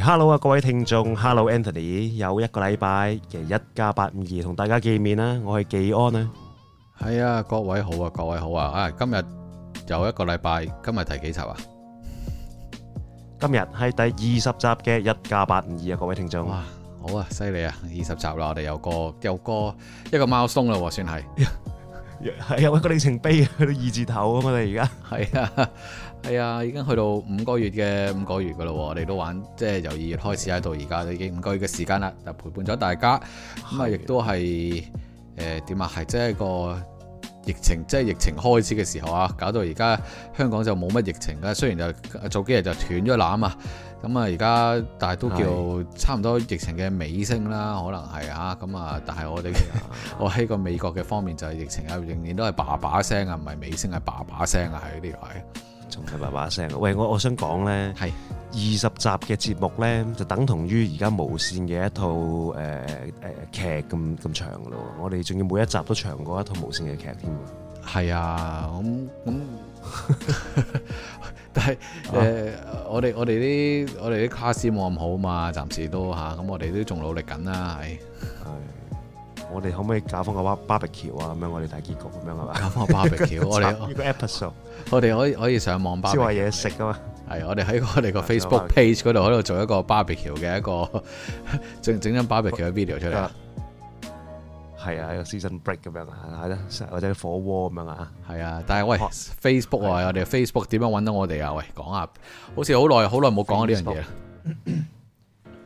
Hello 啊，各位聽眾，Hello Anthony，有一個禮拜其實一加八五二同大家見面啦，我係紀安啊。係啊，各位好啊，各位好啊，啊今日又一個禮拜，今日第幾集啊？今日係第二十集嘅一加八五二啊，各位聽眾。哇，好啊，犀利啊，二十集啦，我哋有個有個一個貓松啦，算係係有一個里程碑嘅二字頭啊，我哋而家係啊。係啊，已經去到五個月嘅五個月㗎喇喎，我哋都玩，即係由二月開始喺度。而家的，已經五個月嘅時間啦，就陪伴咗大家。咁的、呃、啊，亦都係誒點啊，係即係個疫情，即係疫情開始嘅時候啊，搞到而家香港就冇乜疫情㗎。雖然就早幾日就斷咗纜啊，咁啊，而家但係都叫差唔多疫情嘅尾聲啦，可能係啊，咁啊，但係我哋我喺個美國嘅方面就係疫情啊，仍然都係把把聲啊，唔係尾聲係把把聲啊，喺呢個係。仲係叭叭聲，喂，我我想講咧，二十是集嘅節目咧，就等同於而家無線嘅一套誒誒、呃呃、劇咁咁長咯。我哋仲要每一集都長過一套無線嘅劇添。係啊，咁、嗯、咁，嗯、 但係誒、呃啊，我哋我哋啲我哋啲卡司冇咁好嘛，暫時都嚇。咁、啊、我哋都仲努力緊啦，係。我哋可唔可以搞翻個 barbecue 啊？咁樣我哋大結局咁樣係嘛？搞翻個 barbecue，我哋一個 episode，我哋可以可以上網，包係嘢食啊嘛？係，我哋喺我哋個 Facebook page 嗰度喺度做一個 barbecue 嘅一個整整張 barbecue 嘅 video 出嚟。係啊，啊，啊，一個 season break 咁樣啊，啊，或者火鍋咁樣啊。係啊，但係喂 Hot.，Facebook 啊，我哋 Facebook 點樣揾到我哋啊？喂，講啊，好似好耐好耐冇講呢樣嘢。Facebook.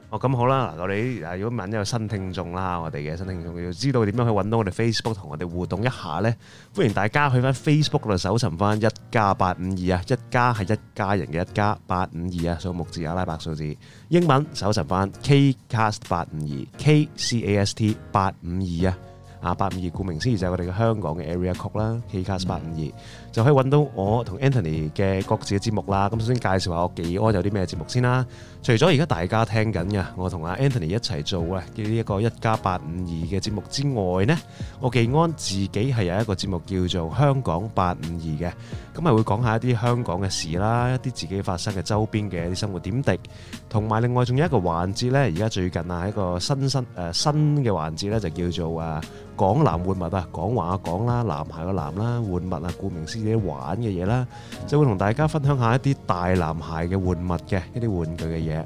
哦，咁好啦，嗱，我哋如果問一個新聽眾啦，我哋嘅新聽眾要知道點樣去揾到我哋 Facebook，同我哋互動一下咧，歡迎大家去翻 Facebook 度搜尋翻一家八五二啊，一家係一家人嘅一家八五二啊，數目字，阿拉伯數字，英文搜尋翻 Kcast 八五二 KCAST 八五二啊，啊八五二，顧名思義就係我哋嘅香港嘅 Area Code 啦，Kcast 八五二。就可以揾到我同 Anthony 嘅各自嘅節目啦。咁首先介紹下我技安有啲咩節目先啦。除咗而家大家聽緊嘅我同阿 Anthony 一齊做嘅呢一個一家八五二嘅節目之外，呢我技安自己係有一個節目叫做香講八五二嘅。咁係會講下一啲香港嘅事啦，一啲自己發生嘅周邊嘅一啲生活點滴，同埋另外仲有一個環節咧。而家最近啊，一個新新誒新嘅環節咧，就叫做誒講南換物啊，講話講啦，南下嘅南啦，換物啊，顧名思。啲玩嘅嘢啦，即係會同大家分享下一啲大男孩嘅玩物嘅一啲玩具嘅嘢，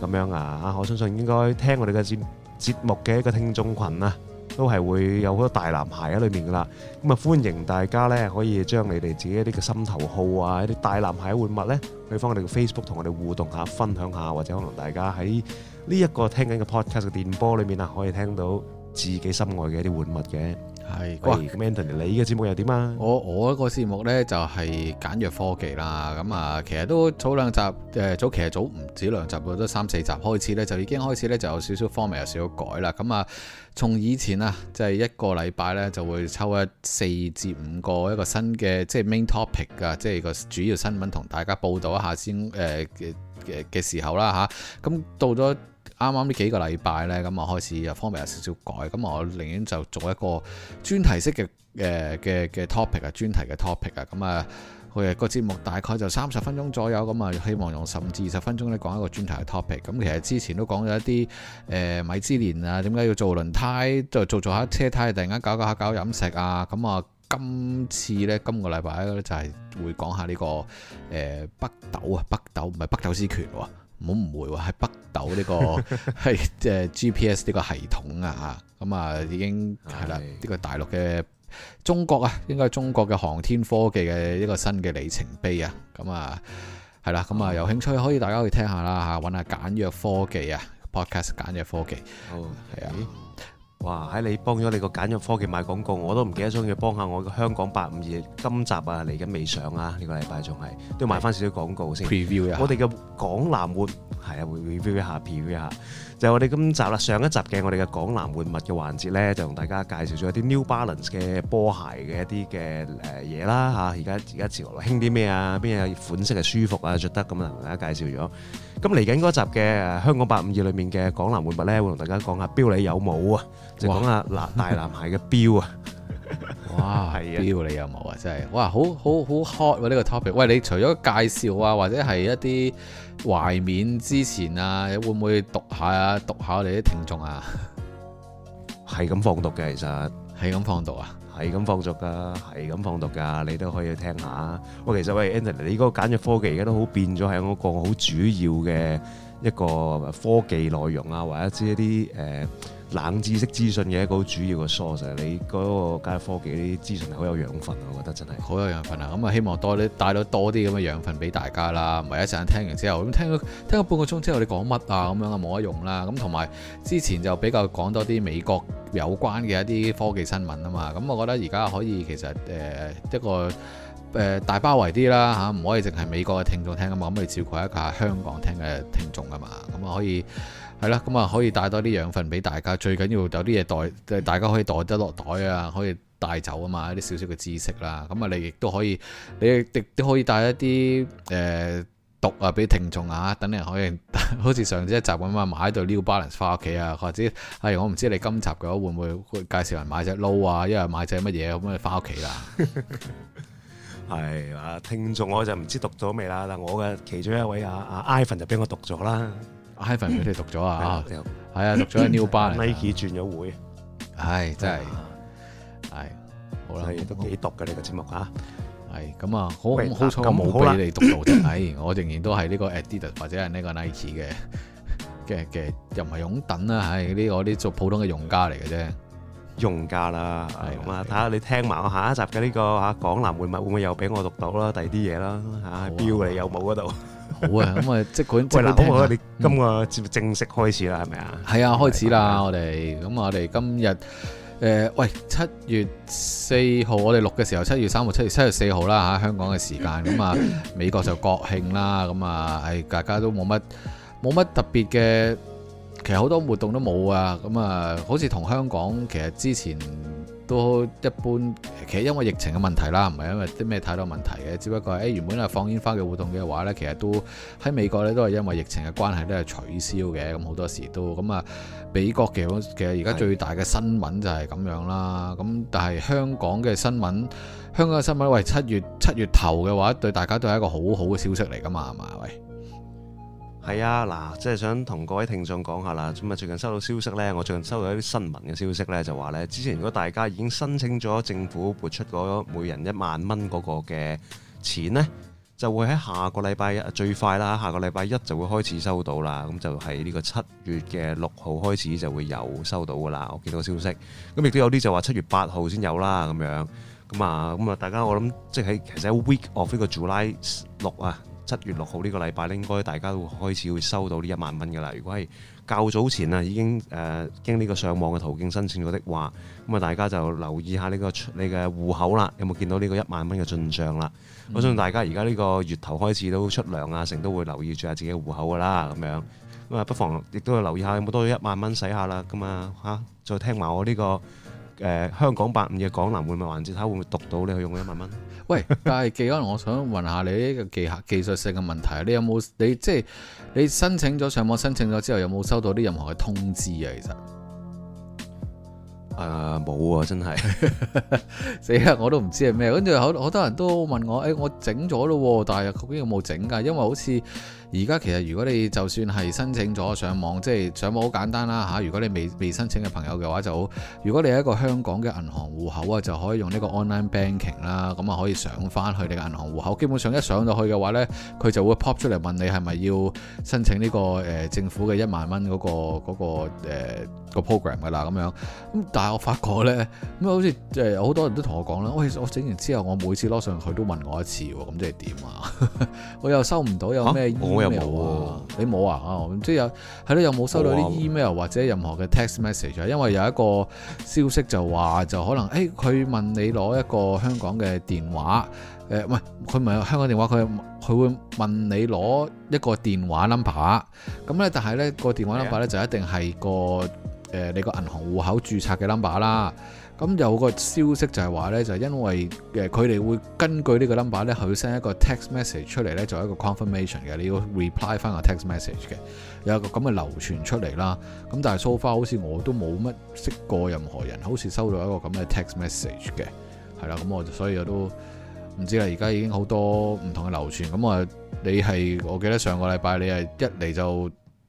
咁樣啊，我相信應該聽我哋嘅節節目嘅一個聽眾群啊，都係會有好多大男孩喺裏面噶啦，咁啊歡迎大家呢可以將你哋自己一啲嘅心頭好啊，一啲大男孩玩物呢，去翻我哋嘅 Facebook 同我哋互動下，分享下，或者可能大家喺呢一個聽緊嘅 Podcast 嘅電波裏面啊，可以聽到自己心愛嘅一啲玩物嘅。係，哇！Mandarin，你嘅節目又點啊？我我個節目呢，就係、是、簡約科技啦，咁啊，其實都早兩集，誒、呃，早其實早唔止兩集，都三四集開始呢，就已經開始呢，就有少少方面有少少改啦。咁啊，從以前啊，即、就、係、是、一個禮拜呢，就會抽一四至五個一個新嘅即係 main topic 啊，即係個主要新聞同大家報道一下先，誒嘅嘅嘅時候啦，吓、啊，咁到咗。啱啱呢幾個禮拜呢，咁我開始又方便有少少改，咁我寧願就做一個專題式嘅誒嘅嘅 topic 啊，專題嘅 topic 啊，咁啊，佢個節目大概就三十分鐘左右，咁啊希望用十五至二十分鐘呢講一個專題嘅 topic、啊。咁其實之前都講咗一啲誒、呃、米芝蓮啊，點解要做輪胎，再做做，做下車胎，突然間搞搞下搞飲食啊，咁啊我今次呢，今個禮拜呢，就係、是、會講下呢、這個誒北斗啊，北斗唔係北，北斗之拳喎、啊。唔好誤會喎，係北斗呢個係即 GPS 呢個系統啊！咁啊已經係啦，呢個大陸嘅中國啊，應該係中國嘅航天科技嘅一個新嘅里程碑啊！咁啊係啦，咁啊有興趣可以大家去聽下啦嚇，揾下簡約科技啊 Podcast 簡約科技，好，oh, okay. 係啊。哇！喺你幫咗你個簡約科技賣廣告，我都唔記得想要幫下我個香港八五二今集啊，嚟緊未上啊？呢個禮拜仲係都要賣翻少少廣告先。Preview 呀的！我哋嘅港南活，係啊，preview 下，preview 下，一下就我哋今集啦。上一集嘅我哋嘅港南活物嘅環節咧，就同大家介紹咗一啲 New Balance 嘅波鞋嘅一啲嘅誒嘢啦嚇。而家而家潮流興啲咩啊？邊有款式係舒服啊，着得咁啊，同大家介紹咗。咁嚟緊嗰集嘅《香港八五二》裏面嘅《港男玩物》咧，會同大家講下表，你有冇啊？哇就講下嗱大男孩嘅表 哇 啊，標有有！哇，表你有冇啊？真係哇，好好好 hot 喎！呢個 topic，喂，你除咗介紹啊，或者係一啲懷緬之前啊，會唔會讀下啊？讀下我哋啲聽眾啊？係咁放毒嘅，其實係咁放毒啊！係咁放逐㗎，係咁放毒㗎，你都可以去聽下。喂，其實喂，Anthony，你依個簡約科技而家都好變咗，係我個好主要嘅，一個科技內容啊，或者知一啲誒冷知識資訊嘅一個主要嘅 source，你嗰個加科技啲資訊好有養分啊！我覺得真係好有養分啊！咁、嗯、啊，希望多啲帶到多啲咁嘅養分俾大家啦，唔係一陣間聽完之後，咁聽咗聽咗半個鐘之後你講乜啊，咁樣啊，冇得用啦！咁同埋之前就比較講多啲美國有關嘅一啲科技新聞啊嘛，咁、嗯、我覺得而家可以其實誒、呃、一個。誒、呃、大包圍啲啦嚇，唔、啊、可以淨係美國嘅聽眾聽啊嘛，可、嗯、唔可以照顧一下香港聽嘅聽眾啊嘛，咁、嗯、啊可以係啦，咁啊、嗯、可以帶多啲養分俾大家，最緊要有啲嘢袋，誒大家可以得袋得落袋啊，可以帶走啊嘛，一啲少少嘅知識啦，咁、嗯、啊你亦都可以，你亦都可以帶一啲誒毒啊俾聽眾啊，等你可以好似 上次一集咁啊買一對 New Balance 翻屋企啊，或者係、哎、我唔知你今集嘅話會唔會介紹人買隻褸啊，因為一係買隻乜嘢咁啊翻屋企啦。可 係啊，聽眾我就唔知讀咗未啦，但我嘅其中一位阿阿、啊啊、Ivan 就俾我讀咗啦，Ivan 俾你讀咗 啊，係啊 讀咗喺 New Balance、 Nike 轉咗會，係、哎、真係，係好啦，都幾毒嘅呢個節目嚇，係咁啊，好唔好彩冇俾你讀到，唉、 哎，我仍然都係呢個 Adidas 或者係呢個 Nike 嘅嘅嘅， 又唔係擁躉啦，唉，呢啲我啲做普通嘅用家嚟嘅啫。用家啦，咁啊，睇下你聽埋我下一集嘅呢個啊，港南會物會唔會又俾我讀到啦？第二啲嘢啦，嚇，標你又冇嗰度。好啊，咁啊，即管喂，咁你今個正式開始啦，係咪啊？係啊，開始啦，我哋，咁我哋今日誒，喂，七月四號，我哋錄嘅時候，七月三號、七月七月四號啦，嚇，香港嘅時間，咁啊，美國就國慶啦，咁啊，係大家都冇乜冇乜特別嘅。其實好多活動都冇啊，咁、嗯、啊，好似同香港，其實之前都一般。其實因為疫情嘅問題啦，唔係因為啲咩太多問題嘅，只不過誒原本係放煙花嘅活動嘅話呢，其實都喺美國呢，都係因為疫情嘅關係都係取消嘅。咁好多時都咁啊、嗯，美國嘅好，其實而家最大嘅新聞就係咁樣啦。咁是但係香港嘅新聞，香港嘅新聞喂，七月七月頭嘅話，對大家都係一個好好嘅消息嚟㗎嘛，係嘛喂？係啊，嗱，即係想同各位聽眾講下啦。咁啊，最近收到消息呢，我最近收到一啲新聞嘅消息呢，就話呢，之前如果大家已經申請咗政府撥出嗰每人一萬蚊嗰個嘅錢呢，就會喺下個禮拜一，最快啦，下個禮拜一就會開始收到啦。咁就係呢個七月嘅六號開始就會有收到噶啦。我見到個消息，咁亦都有啲就話七月八號先有啦咁樣。咁啊，咁啊，大家我諗即係其實喺 week of 呢個 July 六啊。七月六號呢個禮拜咧，應該大家都開始會收到呢一萬蚊㗎啦。如果係較早前啊，已經誒、呃、經呢個上網嘅途徑申請咗的話，咁啊大家就留意下呢、這個你嘅戶口啦，有冇見到呢個一萬蚊嘅進帳啦？嗯、我相信大家而家呢個月頭開始都出糧啊，成都會留意住下自己嘅戶口噶啦，咁樣咁啊，不妨亦都要留意下有冇多咗一萬蚊使下啦，咁啊吓，再聽埋我呢、這個誒、呃、香講852嘅港男會唔會還錢，睇下會唔會讀到你去用一萬蚊。喂，但係記啊，我想問下你呢個技技術性嘅問題，你有冇你即係、就是、你申請咗上網申請咗之後，有冇收到啲任何嘅通知啊？其實、呃，誒冇啊，真係死啦！我都唔知係咩，跟住好好多人都問我，誒、哎、我整咗咯喎，但係究竟有冇整㗎？因為好似。而家其實如果你就算係申請咗上網，即係上網好簡單啦嚇、啊。如果你未未申請嘅朋友嘅話就好。如果你係一個香港嘅銀行戶口啊，就可以用呢個 online banking 啦、啊。咁啊可以上翻去你嘅銀行戶口。基本上一上到去嘅話呢，佢就會 pop 出嚟問你係咪要申請呢、這個誒、呃、政府嘅一萬蚊嗰、那個嗰、那個、呃、program 嘅啦咁樣。但係我發覺呢，咁好似即係好多人都同我講啦，喂我整完之後我每次攞上去都問我一次喎，咁即係點啊？ 我又收唔到有咩、啊？我有冇啊？ 你冇啊？哦、嗯，即係有，係咯，有冇收到啲 email 或者任何嘅 text message 啊？因為有一個消息就話就可能，誒、欸，佢問你攞一個香港嘅電話，誒、欸，唔係，佢唔係香港電話，佢佢會問你攞一個電話 number，咁咧，但係咧個電話 number 咧就一定係個誒的、呃、你個銀行戶口註冊嘅 number 啦。咁有個消息就係話咧，就係因為誒佢哋會根據呢個 number 咧，佢 send 一個 text message 出嚟咧，就係一個 confirmation 嘅，你要 reply 翻個 text message 嘅，有一個咁嘅流傳出嚟啦。咁但係 so far，好似我都冇乜識過任何人，好似收到一個咁嘅 text message 嘅，係啦。咁我所以我都唔知啦。而家已經好多唔同嘅流傳。咁啊，你係我記得上個禮拜你係一嚟就。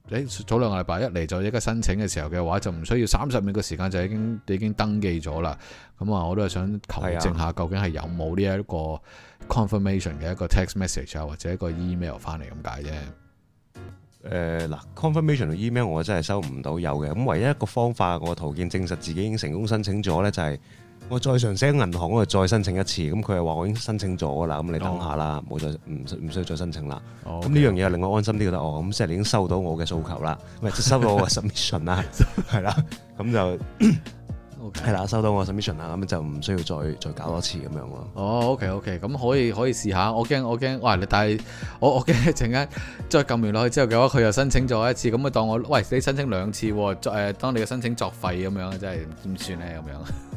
誒早兩個禮拜一嚟就，而家申請嘅時候嘅話，就唔需要三十秒嘅時間就已經已經登記咗啦。咁啊，我都係想求證下究竟係有冇呢一個 confirmation 嘅一個 text message 啊，或者一個 email 翻嚟咁解啫。誒嗱，呃，confirmation 嘅 email 我真係收唔到有嘅。咁唯一一個方法個途徑證實自己已經成功申請咗呢，就係、是。我再上寫個銀行，我再申請一次，咁佢係話我已經申請咗啦，咁你等下啦，冇、oh. 再唔唔需要再申請啦。咁呢、oh, 樣嘢令我安心啲得。Oh, okay. 哦，咁即係已經收到我嘅訴求啦，唔係收到我嘅 submission 啦，係啦，咁就係啦，收到我 submission 啦，咁 就唔 Okay. 需要再再搞多次咁樣咯。哦、oh，OK OK，咁可以可以試下，我驚我驚，喂，但係我我驚，陣間再撳完落去之後嘅話，佢又申請咗一次，咁咪當我喂你申請兩次，作當你嘅申請作廢咁樣，即係點算咧咁樣？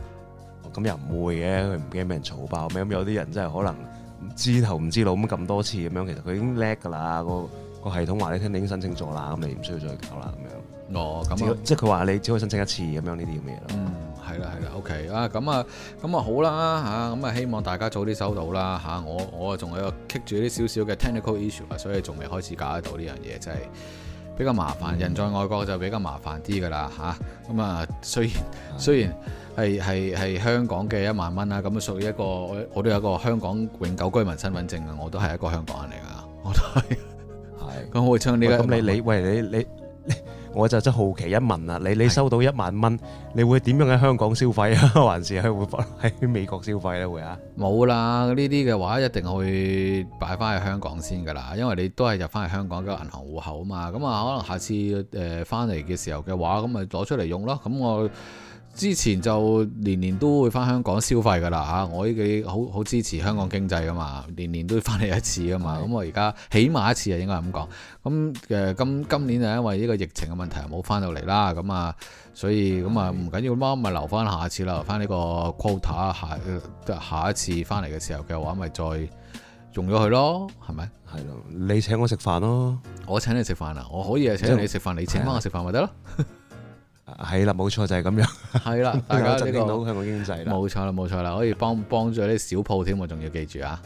咁又唔會嘅，佢唔驚俾人嘈爆咩？咁有啲人真係可能唔知頭唔知腦咁咁多次咁樣，其實佢已經叻㗎啦。個、嗰個系統話你聽，你已經申請咗啦，咁你唔需要再搞啦咁樣。哦，咁、嗯、即係佢話你只可以申請一次咁樣，呢啲咁嘅嘢咯。嗯，係啦，係啦，OK 啊，咁啊，咁啊好啦嚇，咁啊希望大家早啲收到啦嚇、啊。我我仲係個棘住啲少少嘅 technical issue 啊，所以仲未開始搞得到呢樣嘢，真係比較麻煩。嗯、人在外國就比較麻煩啲㗎啦嚇。咁啊，啊，雖然雖然。嗯係係係香港嘅一萬蚊啊，咁啊屬於一個，我都有一個香港永久居民身份證啊，我都係一個香港人嚟噶，我都係係。咁我 唱呢個咁你你喂，你你，你，我就真好奇一問啊：你你收到一萬蚊，是你會點樣喺香港消費啊？還是喺會喺美國消費咧？會啊？冇啦，呢啲嘅話一定會擺翻喺香港先噶啦，因為你都係入翻去香港嘅銀行戶口啊嘛。咁啊，可能下次誒翻嚟嘅時候嘅話，咁咪攞出嚟用咯。咁我。之前就年年都會翻香港消費噶啦嚇，我已經好好支持香港經濟噶嘛，年年都翻嚟一次噶嘛，咁的我而家起碼一次啊應該咁講。咁誒今今年就因為呢個疫情嘅問題冇翻到嚟啦，咁啊所以咁啊唔緊要啦，咪留翻下次啦，留翻呢個 quota 下下一次翻嚟嘅時候嘅話咪再用咗佢咯，係咪？係咯，你請我食飯咯，我請你食飯啊，我可以係請你食飯,的飯，你請翻我食飯咪得咯。 係啦，冇錯就係、是、咁樣。係啦，大家呢個係冇經濟啦。冇錯啦，冇錯啦，可以幫幫助啲小鋪添，我仲要記住啊。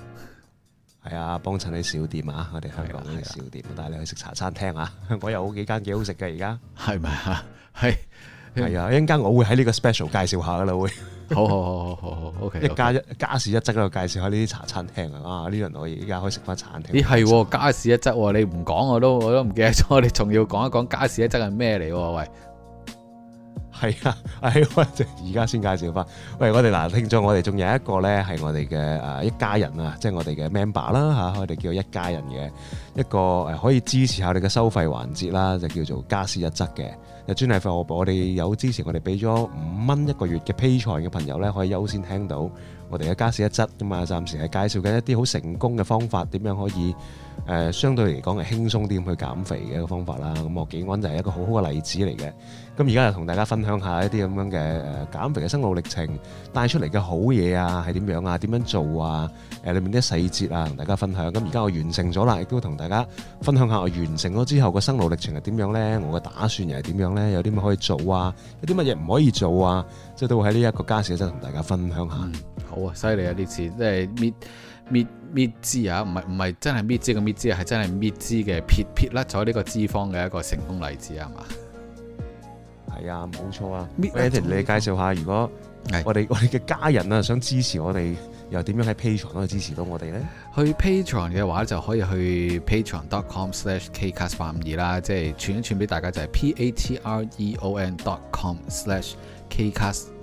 係啊，幫襯啲小店啊，我哋香港啲小店。帶你去食茶餐廳啊，香港有好幾間幾好食嘅。而家係咪啊？係係啊，一陣間我會喺呢個 special 介紹下噶啦。會好好好好 好好，O K。Okay, okay. 一家，家事一家事一則喺度介紹下呢啲茶餐廳啊。呢輪我而家可以食翻茶餐廳，咦係家事一則你唔講我都我都唔記得咗。你仲要講一講家事一則係咩嚟？喂。係啊，係我而家先介紹翻。喂，我哋嗱，聽咗我哋仲有一個呢，係我哋嘅誒，一家人，一家人啊，即係我哋嘅 member 啦吓，我哋叫一家人嘅一個誒，可以支持下我哋嘅收費環節啦，就叫做家事一則嘅。有專利我哋有支持，我哋俾咗五蚊一個月嘅 Patreon 嘅朋友呢，可以優先聽到我哋嘅家事一則咁啊。暫時係介紹嘅一啲好成功嘅方法，點樣可以誒、呃、相對嚟講係輕鬆啲咁去減肥嘅一個方法啦。咁、啊、我景軍就係一個好好嘅例子嚟嘅。咁而家又同大家分享下一啲咁樣嘅誒減肥嘅生路歷程帶出嚟嘅好嘢啊，係點樣啊？點樣做啊？誒，裏面啲細節啊，同大家分享。咁而家我完成咗啦，亦都同大家分享下我完成咗之後個生路歷程係點樣咧？我嘅打算又係點樣咧？有啲乜可以做啊？有啲乜嘢唔可以做啊？即係都喺呢一個家事，真係同大家分享下。嗯。好啊，犀利啊！呢次即係搣搣搣脂啊，唔係唔係真係搣脂嘅搣脂啊，係真係搣脂嘅撇撇甩咗呢個脂肪嘅一個成功例子係嘛？係啊，冇錯啊。Meet，你介紹下，如果我哋是我哋嘅家人啊想支持我哋，又點樣喺 Patreon y 嗰度支持到我哋咧？去 Patreon y 嘅話，就可以去 patreon.com/kcast852 y c 啦，即係串一串俾大家就係、是、patreon.com/kcast852，c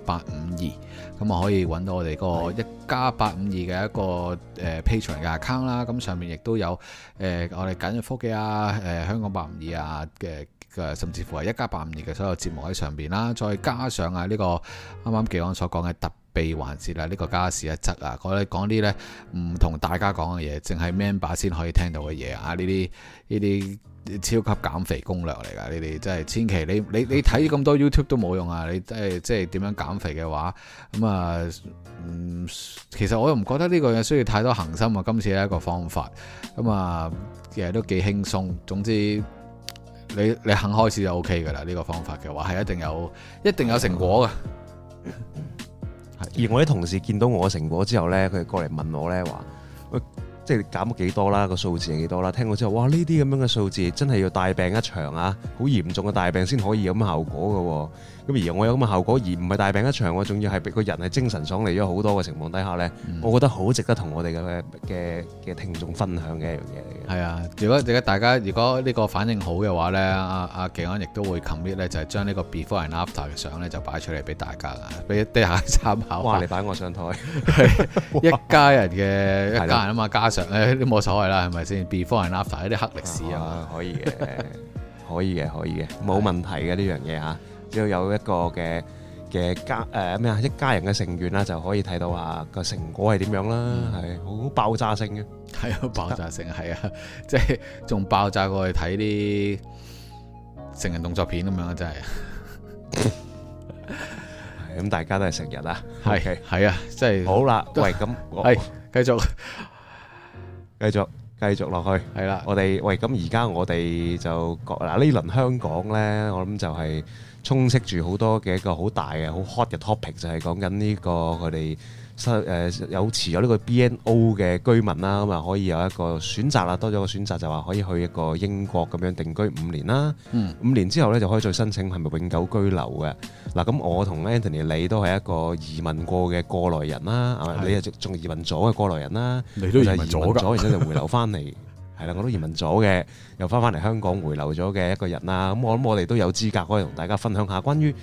咁啊可以揾到我哋個一家八五二嘅一個誒 Patreon y 嘅 account 啦。咁上面亦都有誒、呃、我哋簡約科技啊，誒、呃、香講八五二啊嘅。甚至乎係一家八五二嘅所有節目喺上邊啦、啊，再加上啊、這個剛剛這個、加上呢個啱啱紀安所講嘅特備環節啦，呢個家事一則啊，我講啲呢唔同大家講嘅嘢，淨係 member 先可以聽到嘅嘢啊！呢啲呢啲超級減肥攻略嚟㗎，呢啲真係千祈你你睇咁多 YouTube 都冇用啊！你真係、呃、即係點樣減肥嘅話，咁啊，嗯，其實我又唔覺得呢個嘢需要太多恒心啊！今次係一個方法，咁、嗯、啊，其實都幾輕鬆。總之。你你肯開始就 O K 㗎啦，呢個方法嘅話係一定有，一定有成果㗎。 而我啲同事見到我成果之後呢，佢哋過嚟問我呢話，即係減咗幾多啦？個數字係幾多啦？聽過之後，哇！呢啲咁樣嘅數字真係要大病一場啊，好嚴重嘅大病先可以有咁效果㗎喎。咁而我有咁嘅效果，而唔係大病一場，我仲要係個人係精神爽利咗好多嘅情況底下咧，嗯、我覺得好值得同我哋嘅嘅嘅聽眾分享嘅一樣嘢嚟嘅。係啊，如，如果大家如果呢個反應好嘅話咧，阿阿景安亦都會 commit 咧，就係將呢個 before and after 嘅相咧就擺出嚟俾大家，俾啲客參考下。哇！你擺我上台，哇一家人嘅哇一家人啊嘛，家常咧都冇所謂啦，係咪先？Before and after 啲黑歷史啊嘛、啊，可以嘅，可以嘅，可以嘅，冇問題嘅呢樣嘢嚇。要有一個嘅嘅家誒咩啊？一家人嘅成員啦，就可以睇到啊個成果係點樣啦，係好爆炸性嘅，係爆炸性，係啊，即係仲爆炸過去睇啲成人動作片咁樣啊，真係咁大家都係成人啊，係係啊，即係好啦，喂咁，係繼續繼續繼續落去係啦，我哋喂咁而家我哋就嗱呢輪香港咧，我諗就係，充斥住好多嘅一個好大嘅好 hot 嘅 topic，就係講緊呢個佢哋誒有持有呢個 BNO 嘅居民啦，咁啊可以有一個選擇啦，多咗個選擇就話可以去一個英國咁樣定居五年啦，五、嗯、年之後咧就可以再申請係咪永久居留嘅。嗱，咁我同 Anthony 你都係一個移民過嘅過來人啦，係的你啊仲移民咗嘅過來人啦，你都係移民咗，民然之後就回流翻嚟。 係我都移民咗嘅，又翻翻嚟香港回流咗嘅一個人啦。咁我諗我哋都有資格可以同大家分享下關於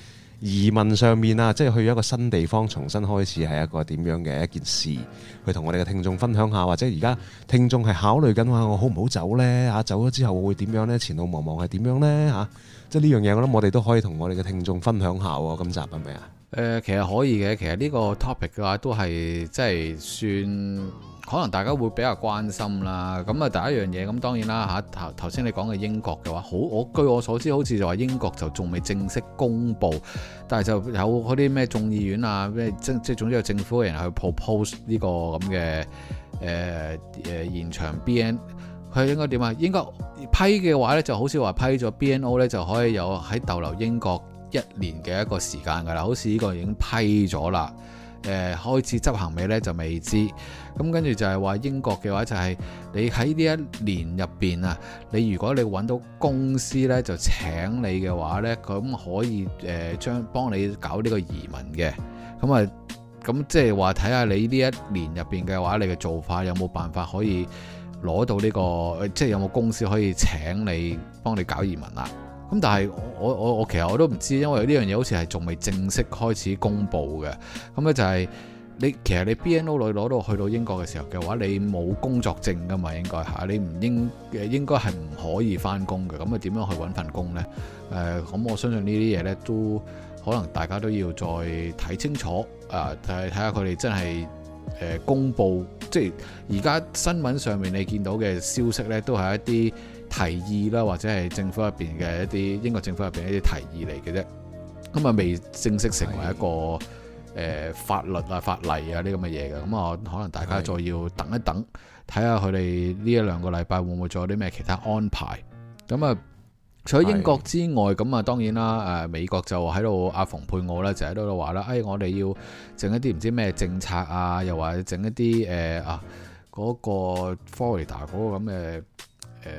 移民上面啊，即係去一個新地方重新開始係一個點樣嘅一件事，去同我哋嘅聽眾分享下。或者而家聽眾係考慮緊話我好唔好走呢？嚇，走咗之後我會點樣呢？前路茫茫係點樣呢？嚇，即係呢樣嘢，我諗我哋都可以同我哋嘅聽眾分享下喎。今集係咪啊？是誒、呃、其實可以嘅，其實呢個 topic 嘅話都係即係算可能大家會比較關心啦。咁、嗯、啊第一樣嘢咁當然啦嚇，頭頭先你講嘅英國嘅話，好我據我所知好似就話英國就仲未正式公布，但係就有嗰啲咩眾議院啊咩即即總之有政府嘅人去 propose 呢、這個咁嘅誒誒延長 BNO 佢應該點啊？應該批嘅話呢，就好似話批咗 BNO 呢，NO、就可以有喺逗留英國。一年嘅一個時間噶啦，好似呢個已經批咗啦，誒、呃、開始執行未呢就未知。咁跟住就係話英國嘅話就係你喺呢一年入邊啊，你如果你揾到公司呢，就請你嘅話呢，咁可以誒將、呃、幫你搞呢個移民嘅。咁啊咁即係話睇下你呢一年入邊嘅話，你嘅做法有冇辦法可以攞到呢、呢個，呃、即係有冇公司可以請你幫你搞移民啊？咁但係我我我其實我都唔知，因為呢樣嘢好似係仲未正式開始公布嘅。咁、嗯、咧就係、是、你其實你 BNO 女攞到去到英國嘅時候嘅話，你冇工作證噶嘛？應該嚇，你唔應嘅應該係唔可以翻工嘅。咁啊點樣去揾份工呢？誒、呃，咁、嗯、我相信呢啲嘢呢，都可能大家都要再睇清楚啊！就係睇下佢哋真係誒、呃、公佈，即係而家新聞上面你見到嘅消息呢，都係一啲。提議啦，或者係政府入邊嘅一啲英國政府入邊一啲提議嚟嘅啫，咁啊未正式成為一個誒的、呃、法律啊法例啊呢，咁嘅嘢嘅，咁、嗯、啊可能大家再要等一等，睇下佢哋呢一兩個禮拜會唔會做啲咩其他安排。咁啊，除咗英國之外，咁啊的當然啦，誒、呃、美國就喺度阿蓬佩奧咧，就喺度話啦，誒我哋要整一啲唔知咩政策啊，又或者整一啲誒、呃、啊嗰、那個 Florida 嗰個咁嘅。誒，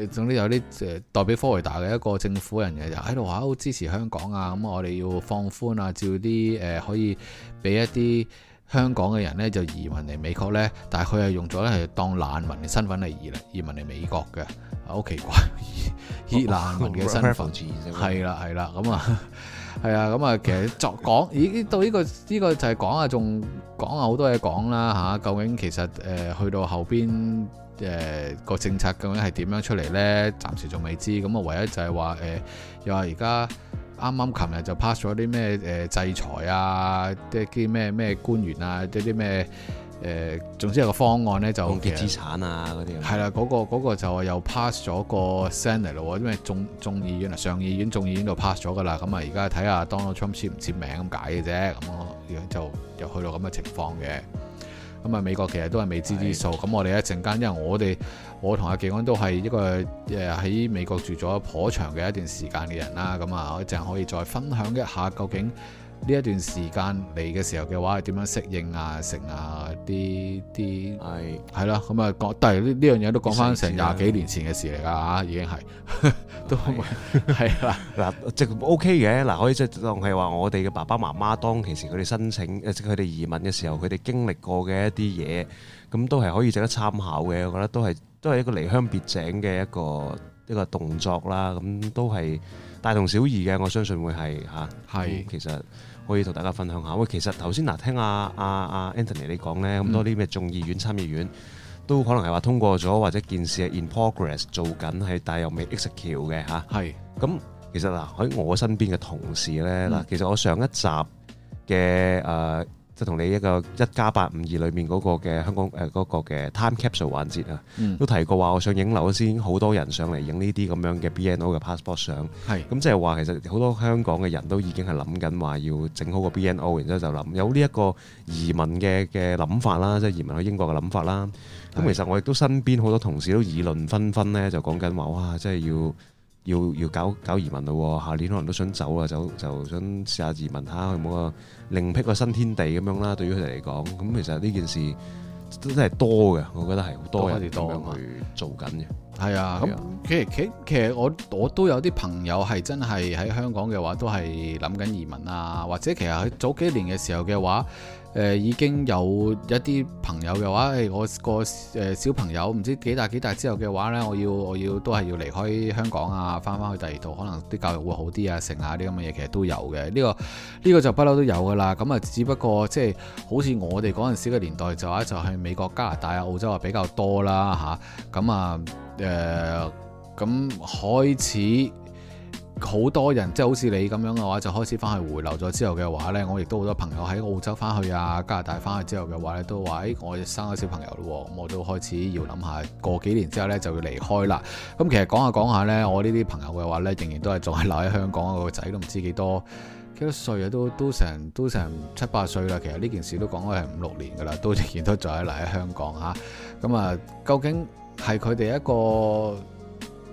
你總之有啲誒代表佛羅里達嘅一個政府人員，就喺度話好支持香港啊！咁我哋要放寬啊，照啲誒、呃、可以俾一啲香港嘅人咧就移民嚟美國咧，但係佢係用咗係當難民嘅身份嚟移嚟移民嚟美國嘅，好奇怪，以難民嘅身份自然係啦係啦，咁啊係啊，咁啊其實作講咦到呢、這個呢、這個就係講啊，仲講下好多嘢講啦吓，究竟其實誒、呃、去到後邊。誒個政策究竟係點樣出嚟咧？暫時仲未知。咁啊，唯一就係話誒，又話而家啱啱琴日就 pass 咗啲咩誒制裁啊，即係啲咩咩官員啊，即啲咩誒，總之有個方案咧就，凍結資產啊嗰啲，係啦，嗰、嗰個嗰個就係又 pass 咗個 send 嚟咯，因為眾眾議院啊，上議院、眾議院度 pass 咗噶啦。咁啊，而家睇下 Donald Trump 簽唔簽名咁解嘅啫。咁樣就又去到咁嘅情況嘅。咁啊，美國其實都係未知之數。咁的我哋一陣間，因為我哋我同阿紀安都係一個誒喺美國住咗頗長嘅一段時間嘅人啦。咁啊，我淨係可以再分享一下究竟。呢一段時間嚟嘅時候嘅話，點樣適應啊、成啊啲啲係係啦，咁啊講，但係呢呢樣嘢都講翻成廿幾年前嘅事嚟㗎吓，已經係的都係係啦嗱，即係 OK 嘅嗱，可以即係當係話我哋嘅爸爸媽媽當其時佢哋申請即係佢哋移民嘅時候，佢哋經歷過嘅一啲嘢，咁都係可以值得參考嘅，我覺得都係都係一個離鄉別井嘅一個一個動作啦，咁都係大同小異嘅，我相信會係吓係其實，可以同大家分享下喂，其實頭先嗱聽阿阿阿 Anthony 你講咧咁多啲咩眾議院參議院都可能係話通過咗或者件事係 in progress 做緊係，但又未 execute 嘅吓，係、啊、咁是，其實嗱喺我身邊嘅同事咧嗱，嗯、其實我上一集嘅誒。呃即同你一個一加八五二裏面嗰個嘅香港誒嗰、呃嗰個嘅 time capsule 環節啊，嗯、都提過話我想影樓先好多人上嚟影呢啲咁樣嘅 BNO 嘅 passport 相，係咁即係話其實好多香港嘅人都已經係諗緊話要整好個 BNO，然之後就諗有呢一個移民嘅嘅諗法啦，即係移民去英國嘅諗法啦。咁是其實我亦都身邊好多同事都議論紛紛咧，就講緊話哇，即係要要要搞搞移民咯，下年可能都想走啊，就就想試下移民下，睇下有冇，啊。另闢個新天地咁樣啦，對於佢哋嚟講，咁其實呢件事都真係多嘅，我覺得係好多人咁樣去做緊嘅。係、嗯、啊，咁、啊、其實其其實我我都有啲朋友係真係喺香港嘅話，都係諗緊移民啊，或者其實喺早幾年嘅時候嘅話。誒已經有一啲朋友嘅話，誒我個誒小朋友唔知幾大幾大之後嘅話呢，我要我要都係要離開香港啊，翻翻去第二度，可能啲教育會好啲啊，食下啲咁嘅嘢，其實都有嘅。呢、這個呢、這個就不嬲都有噶啦。咁啊，只不過即係、就是、好似我哋嗰陣時嘅年代就話、啊，就去美國、加拿大啊、澳洲啊比較多啦吓，咁啊誒，咁、啊呃、開始。好多人即係好似你咁樣嘅話，就開始翻去回流咗之後嘅話呢。我亦都好多朋友喺澳洲翻去啊，加拿大翻去之後嘅話呢，都話，誒、哎，我生咗小朋友咯，咁我都開始要諗下，過幾年之後呢，就要離開啦。咁其實講下講下呢，我呢啲朋友嘅話呢，仍然都係仲係留喺香港，個仔都唔知幾多幾多歲啊，都都成都成七八歲啦。其實呢件事都講咗係五六年噶啦，都仍然都仲係留喺香港嚇。咁啊，究竟係佢哋一個？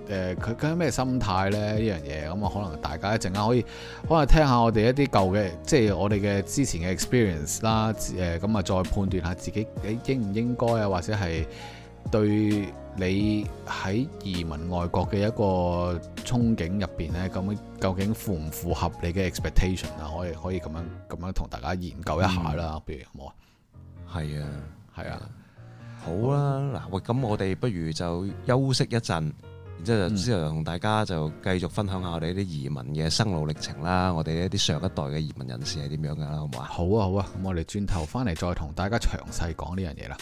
誒，佢咁樣咩心態咧？呢樣嘢咁啊，可能大家一陣間可以，可能聽下我哋一啲舊嘅，即係我哋嘅之前嘅 experience 啦。誒，咁啊，再判斷下自己誒，應唔應該啊，或者係對你喺移民外國嘅一個憧憬入邊咧，咁究竟符唔符合你嘅 expectation 啊？可以可以咁樣咁樣同大家研究一下啦。譬、嗯、如有冇啊？係啊，係啊，啊好啦，嗱，咁我哋不如就休息一陣。然之後就之後同大家就繼續分享下我哋啲移民嘅生路歷程啦，我哋一啲上一代嘅移民人士係點樣噶啦，好唔好，好啊？好啊好啊，咁我哋轉頭翻嚟再同大家詳細講呢樣嘢啦。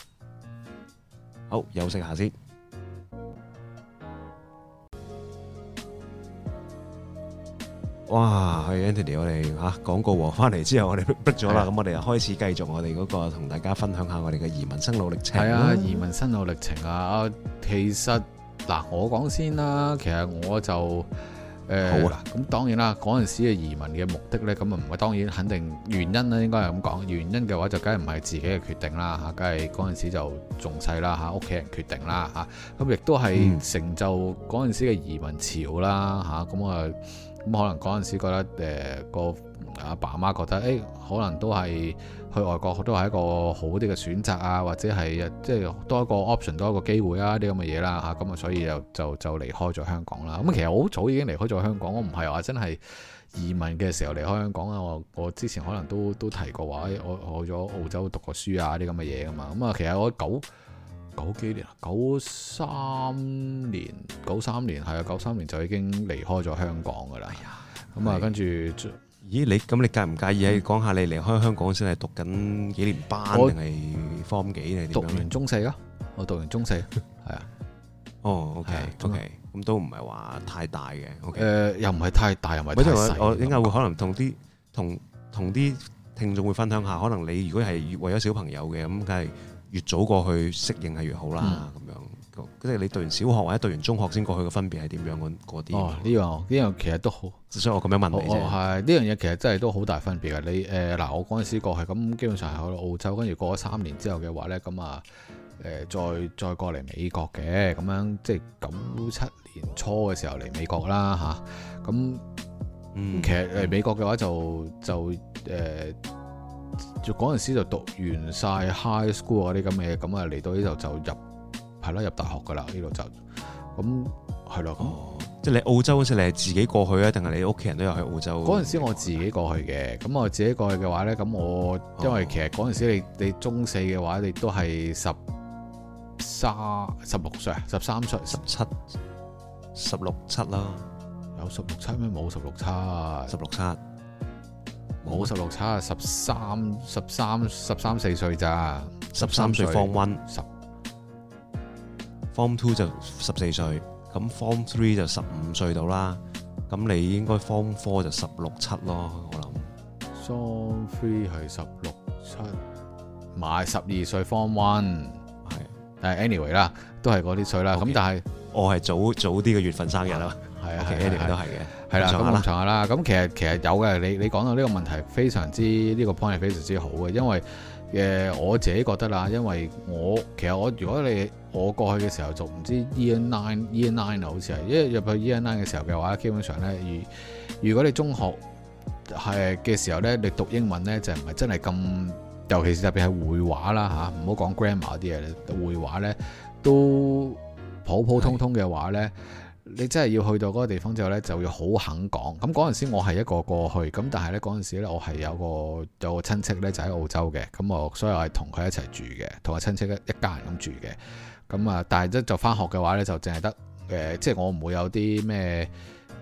好，休息下先。哇，去 Anthony 我哋嚇、啊、廣告喎，翻嚟之後我哋逼咗啦，咁、啊、我哋又開始繼續我哋嗰、那個同大家分享下我哋嘅移民生路歷程。係啊，嗯、移民生路歷程啊，其實。嗱，我講先啦。其實我就、呃、好誒、啊、咁、嗯、當然啦。嗰陣時嘅移民嘅目的呢，咁啊唔係當然肯定原因咧，應該係咁講。原因嘅話就梗係唔係自己嘅決定啦，嚇，梗係嗰陣時就仲細啦，嚇，屋企人決定啦，嚇、啊。咁亦都係成就嗰陣時嘅移民潮啦，嚇。咁啊，咁、嗯嗯嗯嗯、可能嗰陣時覺得誒、呃嗰個阿爸媽覺得誒、哎，可能都係。去外國都係一個好啲嘅選擇啊，或者係即係多一個 option，多一個機會啊，啲咁嘅嘢啦嚇。咁啊，所以又就就，就離開咗香港啦。咁其實好早已經離開咗香港，我唔係話真係移民嘅時候離開香港啊。我我之前可能都都提過話、啊，我我去咗澳洲讀過書啊啲咁嘅嘢噶嘛。咁啊，其實我九九幾年，九三年，九三年係啊，九三年就已經離開咗香港噶啦。咁啊，跟住。咦，你咁你介唔介意啊，講下你離開香港先係讀緊幾年班定係 form 幾，你係讀完中四啊？我讀完中四，係啊，哦，OK，OK，咁都唔係話太大嘅，誒，又唔係太大，又唔係。我我應該會可能同啲同同啲聽眾會分享下，可能你如果係為咗小朋友嘅，咁梗係越早過去適應係越好啦，咁樣。即係你讀完小學或者讀完中學先過去嘅分別係點樣？嗰啲哦呢樣呢樣其實都好，所以我咁樣問你。哦，係呢樣嘢其實真係都好大分別嘅。你誒嗱、呃，我嗰陣時過去咁，基本上係去到澳洲，跟住過咗三年之後嘅話咧，咁啊誒，再再過嚟美國嘅，咁樣即係九七年初嘅時候嚟美國啦吓。咁、啊嗯嗯、其實誒美國嘅話就就誒，就嗰陣、呃、時就讀完晒 high school 嗰啲咁嘅，嘢，咁啊嚟到呢度就入。係咯，入大學噶啦呢度就咁，係咯，哦、麼即係你澳洲嗰時，是你係自己過去啊，定係你屋企人都有去澳洲？嗰陣時我自己過去嘅，咁我自己過去嘅話咧，咁我因為其實嗰陣時你你中四嘅話，你都係十三、十六歲啊，十三歲、十七、十六七啦，有十六七咩？冇十六七，十六七冇十六七，十三、十三、十三四歲咋，十三歲 Form 1十,十。Form two 就十四歲，咁 Form three 就十五歲到啦，咁你應該 Form four 就十六七咯，我諗。Form three 係十六七，咪十二歲 Form one 係，但係 anyway 啦，都係嗰啲歲啦。咁但係我係早早啲嘅月份生日咯，係啊，其實呢年都係嘅，係啦，咁唔錯下啦。咁其實其實有嘅，你你講到呢個問題非常之呢個 point 係非常之好嘅，因為。誒我自己覺得啦，因為我其實我如果你我過去嘅時候就唔知 Year Nine Year Nine 好似係，因為入去 Year Nine 嘅時候嘅話，基本上咧，如如果你中學係嘅時候咧，你讀英文咧就唔係真係咁，尤其是特別係會話啦吓，唔好講 grammar 啲嘢，會話咧都普普通通嘅話咧。你真係要去到嗰個地方之後呢，就要好肯講。咁嗰陣時我係一個過去，咁但係呢，嗰陣時呢我係有個有個親戚呢，就喺澳洲嘅，咁我所以我係同佢一齊住嘅，同個親戚一一家人咁住嘅。咁啊，但係咧就返學嘅話呢，就淨係得誒，即、呃、係、就係、我唔會有啲咩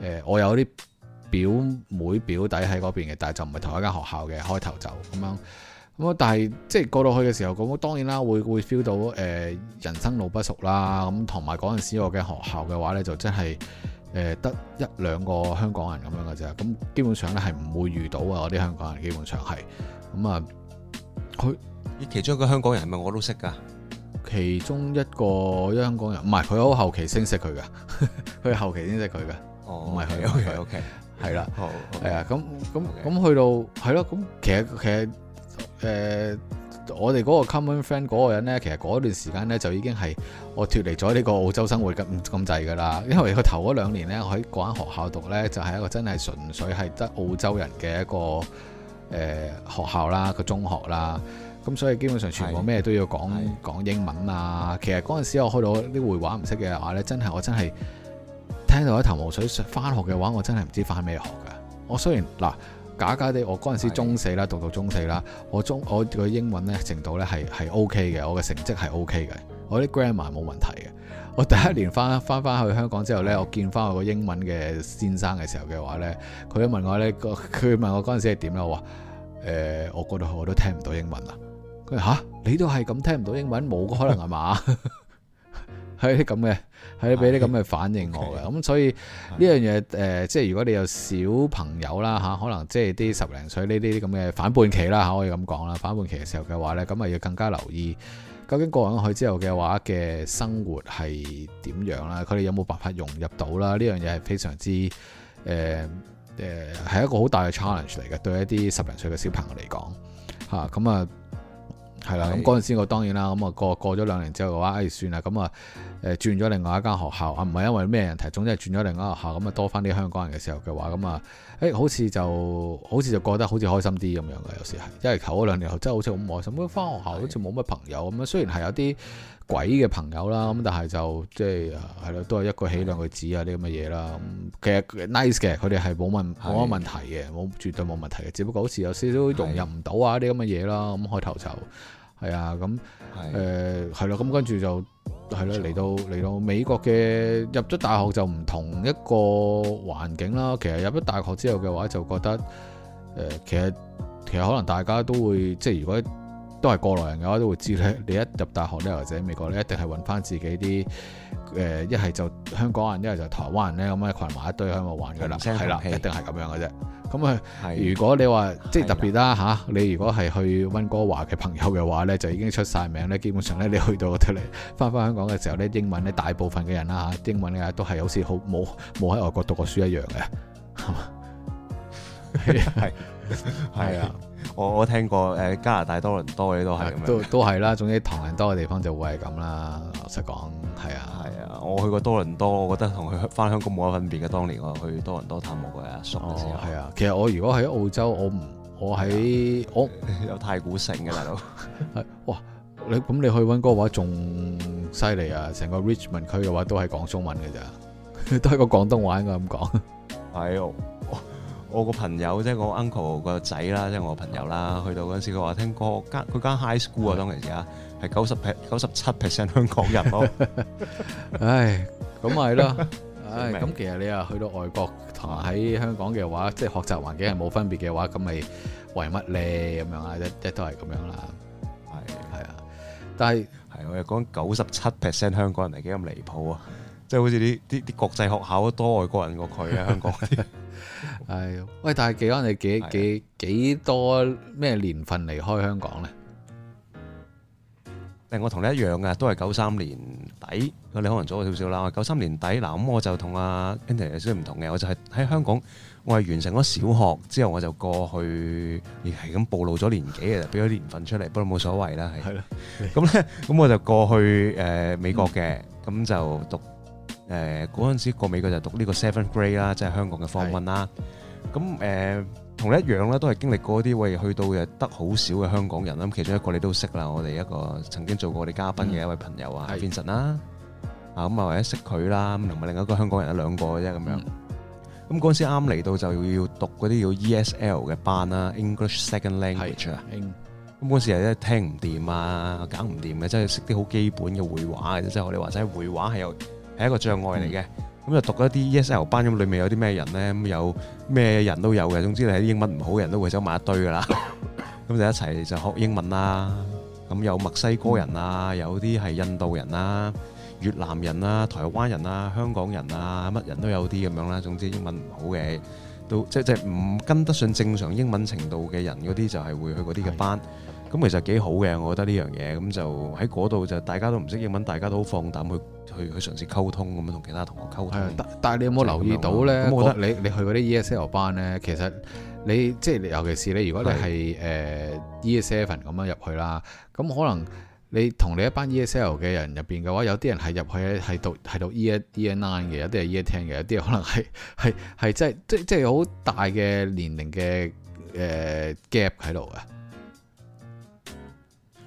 誒，我有啲表妹表弟喺嗰邊嘅，但係就唔係同一間學校嘅，開頭就咁樣。咁啊，但係即係過到去嘅時候，咁當然啦，會會 feel 到誒、呃，人生路不熟啦。咁同埋嗰陣時我嘅學校嘅話咧，就真係誒，得一兩個香港人咁樣嘅啫。咁基本上咧係唔會遇到啊，我啲香港人基本上係咁啊。佢、嗯，其中一個香港人係咪我都識噶？其中一個香港人，唔係，佢好後期先識佢嘅，佢 後期先識佢嘅。哦，唔係佢，O K，O K，係啦。好，係、okay，啊。咁咁咁去到，係咯。咁其實其實。誒、呃，我哋嗰個 common friend 嗰個人呢，其實嗰段時間呢，就已經係我脫離咗呢個澳洲生活咁咁滯噶啦，因為佢頭嗰兩年呢，我喺嗰間學校讀呢，就係、是、一個真係純粹係得澳洲人嘅一個誒、呃、學校啦，個中學啦，咁所以基本上全部咩都要講的講英文啊。的其實嗰陣時我開到啲會話唔識嘅話呢，真係我真係聽到一頭霧水。翻學嘅話，我真係唔知翻咩學噶。我雖然嗱。假假地，我嗰陣時中四啦，讀到中四啦，我中我個英文咧程度咧係係 OK 嘅，我嘅成績係 OK 嘅，我啲 grammar 冇問題嘅。我第一年翻翻翻去香港之後咧，我見翻我個英文嘅先生嘅時候嘅話咧，佢問我咧，佢問我嗰陣時係點啦？我話誒、呃，我覺得我都聽唔到英文啦。佢話吓，你都係咁聽唔到英文，冇可能係嘛？ 係啲咁嘅，係俾啲咁嘅反應我嘅，咁 Okay. 所以呢樣嘢誒，即係如果你有小朋友啦嚇、啊，可能即係啲十零歲呢啲咁嘅反叛期啦嚇、啊，可以咁講啦，反叛期嘅時候嘅話呢，咁啊要更加留意究竟過咗去之後嘅話嘅生活係點樣啦，佢哋有冇辦法融入到啦？呢樣嘢係非常之誒誒，係、呃呃、一個好大嘅 challenge 嚟嘅，對一啲十零歲嘅小朋友嚟講嚇，咁啊。係啦，咁嗰陣時我當然啦，咁啊過過咗兩年之後嘅話，誒、哎、算啦，咁啊誒轉咗另外一間學校啊，唔係因為咩人提，總之係轉咗另外一間學校，咁啊多翻啲香港人嘅時候嘅話，咁啊誒好似就好似就過得好似開心啲咁樣嘅，有時係，因為頭嗰兩年後真係好似好唔開心，咁翻學校好似冇乜朋友咁啊，雖然係有啲。鬼嘅朋友啦，咁但係就即係係咯，都係一個起兩個止啊啲咁嘅嘢啦。嗯、其實 nice 嘅，佢哋係冇問冇乜問題嘅，冇，絕對冇問題嘅。只不過好似有少少融入唔到啊啲咁嘅嘢啦。咁開頭就係啊咁誒係咯，咁跟住就係咯，嚟到嚟到美國嘅入咗大學就唔同一個環境啦。其實入咗大學之後嘅話就覺得誒、呃，其實其實可能大家都會即係如果。都係過來人嘅，我都會知咧。你一入大學咧，或者美國咧，一定係揾返自己啲誒，一、呃、係就香港人，一係就台灣人咧，咁樣群埋一堆香港玩嘅啦，係啦，一定係咁樣嘅啫。咁啊，的如果你話即係特別啦嚇的、啊，你如果係去溫哥華嘅朋友嘅話咧，就已經出晒名咧。基本上咧，你去到嚟返返香港嘅時候咧，英文咧，大部分嘅人啦嚇，英文咧都係好似好冇冇喺外國讀過書一樣嘅，係嘛？係啊。我聽過誒加拿大多倫多嗰啲，啊、都係咁都都係啦。總之唐人多嘅地方就會係咁啦。老實講，係啊，係啊。我去過多倫多，我覺得同去翻香港冇乜分別嘅。當年我去多倫多探我個阿叔嗰時，係啊。其實我如果喺澳洲，我唔，我喺、嗯、我 有太古城嘅啦都。哇，你咁你去溫哥華仲犀利啊！成個 Richmond 區嘅話都係講中文嘅咋，都係個廣東話應該咁講。係我個朋友即係我 uncle 個仔啦，即係我朋友啦，去到嗰時佢話聽嗰間佢間 high school 啊，當其時啊係九十 percent、九十七 percent 香港人咯。唉，咁咪係咯。唉，咁其實你啊去到外國同埋喺香港嘅話，即係學習環境係冇分別嘅話，咁咪為乜咧？咁樣啊，一一都係咁樣啦。係，係啊，但係係我哋講九十七 percent 香港人係幾咁離譜啊？即係好似啲啲啲國際學校多外國人過佢啊，香港嗰啲。係，喂！但係幾可能你幾幾幾多咩年份離開香港咧？誒，我同你一樣噶，都係九三年底，你可能早我少少啦。九三年底嗱，咁我就同阿 Andy 有少少唔同嘅，我就係喺香港，我係完成咗小學之後，我就過去，亦係咁暴露咗年紀嘅，俾咗啲年份出嚟，不過冇所謂啦，係。係啦。咁咧，咁我就過去誒美國嘅，咁就讀。誒嗰陣時過美國就讀呢個 seven grade 啦，即係香港嘅 form one 啦。咁誒同你一樣咧，都係經歷過啲喂，去到嘅得好少嘅香港人啦。咁其中一個你都識啦，我哋一個曾經做過我哋嘉賓嘅一位朋友的 an，啊，Vincent 啦。咁啊、嗯，或者識佢啦，咁同埋另一個香港人有兩個啫咁樣。咁嗰陣時啱嚟到就要讀嗰啲叫 ESL 嘅班啦，English second language。咁嗰陣時有啲聽唔掂啊，那個、搞唔掂嘅，即係識啲好基本嘅會話，即係我哋話齋會話係有。係一個障礙嚟嘅，咁就讀一啲 ESL 班咁，裡面有啲咩人呢？咁有咩人都有嘅，總之你係啲英文唔好嘅人都會走埋一堆㗎啦。咁就一齊就學英文啦。咁有墨西哥人啊，有啲係印度人啊、越南人啊、台灣人啊、香港人啊，乜人都有啲咁樣啦。總之英文唔好嘅都即係即係唔跟得上正常英文程度嘅人嗰啲就係會去嗰啲嘅班。咁其實幾好嘅，我覺得呢樣嘢咁就喺嗰度就大家都唔識英文，大家都好放膽去去去嘗試溝通咁樣同其他同學溝通。係啊，但係你有冇留意到呢？我覺得你你去嗰啲 ESL 班呢，其實你即係尤其是你如果你係誒 e s l v e 咁樣入去啦，咁可能你同你一班 ESL 嘅人入邊嘅話，有啲人係入去係讀係讀 e a r e a Nine 嘅，有啲係 e a Ten 嘅，有啲可能係係係即係即即係好大嘅年齡嘅誒 gap 喺度嘅。呃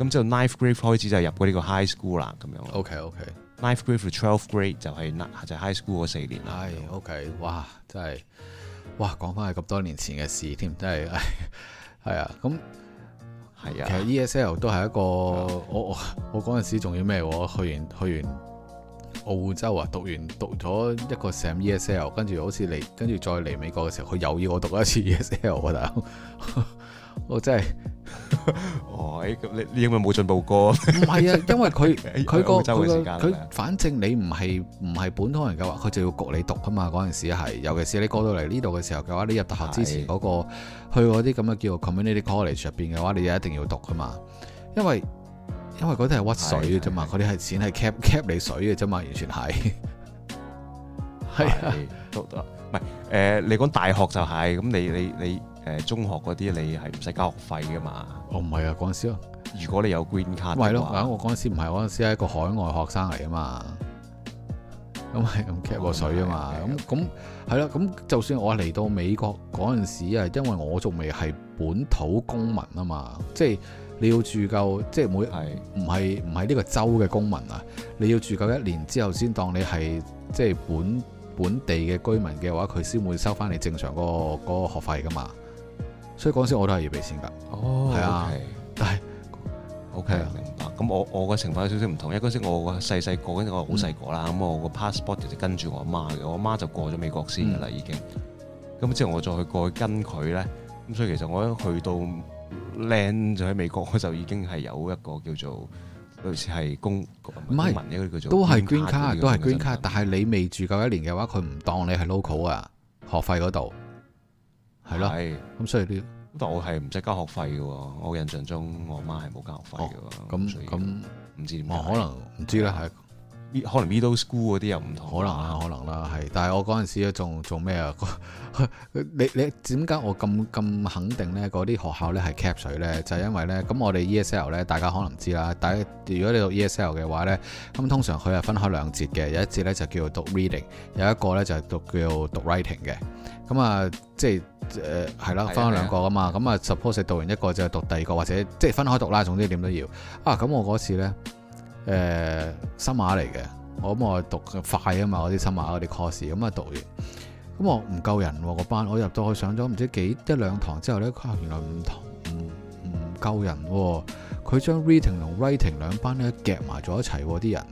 咁之後，ninth grade 開始就入嗰呢個 high school 啦，咁樣。OK OK，ninth okay. grade 到 twelfth grade 就係就 high school 嗰四年啦。哎，OK，哇，真係，哇，講翻係咁多年前嘅事添，真係係、哎、啊。咁係啊，其實 ESL 都係一個、啊、我我我嗰時仲要咩喎？我去完去完澳洲啊，讀完讀咗一個 s a m e s l，跟住好似嚟跟住再嚟美國嘅時候，佢又要我讀一次 ESL 我得。 我真係，咁、 哦、你你因為冇進步過，唔 係 啊，因為佢佢、 那個佢、 那個、反正你唔係唔係本土人嘅話，佢就要焗你讀啊嘛。嗰陣時係，尤其是你過到嚟呢度嘅時候嘅話，你入大學之前嗰、那個 對 去嗰啲咁嘅叫 community college 入邊嘅話，你又一定要讀噶嘛。因為因為嗰啲係屈水嘅啫嘛，嗰啲係錢係 cap cap 你水嘅啫嘛，完全係係唔係誒，你講大學就係、是、咁，你你你。你你你你誒，中學嗰啲你係唔使交學費噶嘛？我唔係啊，嗰陣時咯。如果你有 green 卡咪咯？我嗰陣時唔係，嗰陣時係一個海外學生嚟啊嘛，咁係咁劇過水啊嘛。咁咁係啦。咁就算我嚟到美國嗰陣時啊，因為我仲未係本土公民啊嘛，即係你要住夠，即係每係唔係唔係呢個州嘅公民啊？你要住夠一年之後先當你係即係本本地嘅居民嘅話，佢先會收翻你正常嗰個嗰個學費㗎嘛。所以嗰陣時我都係要畀錢噶，哦，係啊，但係，OK，明白。咁我我嘅情況有少少唔同，因為嗰陣時我個細細個，跟我好細個啦。咁我個 passport 就跟住我阿媽嘅，我阿媽、嗯嗯、就過咗美國先噶啦，已經、嗯。咁之後我再去過去跟佢咧，咁所以其實我一去到 land 就喺美國，我就已經係有一個叫做類似係公唔係公民嗰啲叫做，都係 green card，都係 green card。但係你未住夠一年嘅話，佢唔當你係 local 啊，學費嗰度。係咯，咁所以呢，是的但我係唔使交學費嘅喎，我印象中我媽係冇交學費嘅喎，咁咁唔知點解，哦。可能唔知咧，係、啊。可能 middle school 嗰啲又唔同，可能啊，可能啦，係。但係我嗰陣時咧，仲做咩啊？ 你你點解我咁咁肯定咧？嗰啲學校咧係 cap 水咧，就係、是、因為咧，咁我哋 ESL 咧，大家可能知啦。但係如果你讀 ESL 嘅話咧，咁通常佢係分開兩節嘅，有一節咧就叫做讀 reading，有一個咧就係讀叫做讀 writing 嘅。咁啊，即係誒係啦，分開兩個啊嘛。咁啊，suppose 讀完一個就係讀第二個，或者即係、就是、分開讀啦，總之點都要啊。咁我嗰次咧。誒，新、呃、馬嚟嘅，我諗我讀快啊嘛，我啲新馬我啲 course，咁啊讀完，咁我唔夠人喎、啊，個班，我入到去上咗唔知幾一兩堂之後咧，啊原來唔同唔唔夠人、啊，佢將 reading 同 writing 兩班咧夾埋咗一齊、啊，啲人，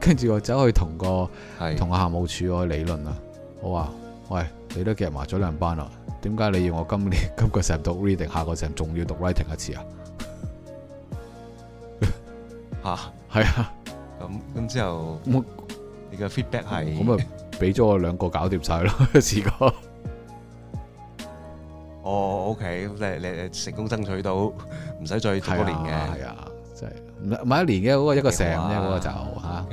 跟住我走去同個同個校務處去理論啦、啊，我話喂，你都夾埋咗兩班啦，點解你要我今年今個成讀 reading，下個成仲要讀 writing 一次啊？吓 、啊？係啊，咁咁之後，你嘅 feedback 係咁啊，俾咗我兩個搞掂晒咯，試過。哦，OK，你你成功爭取到，唔使再讀多一年嘅？係啊，即係，唔係一年嘅，嗰個一個成啫，嗰個就吓，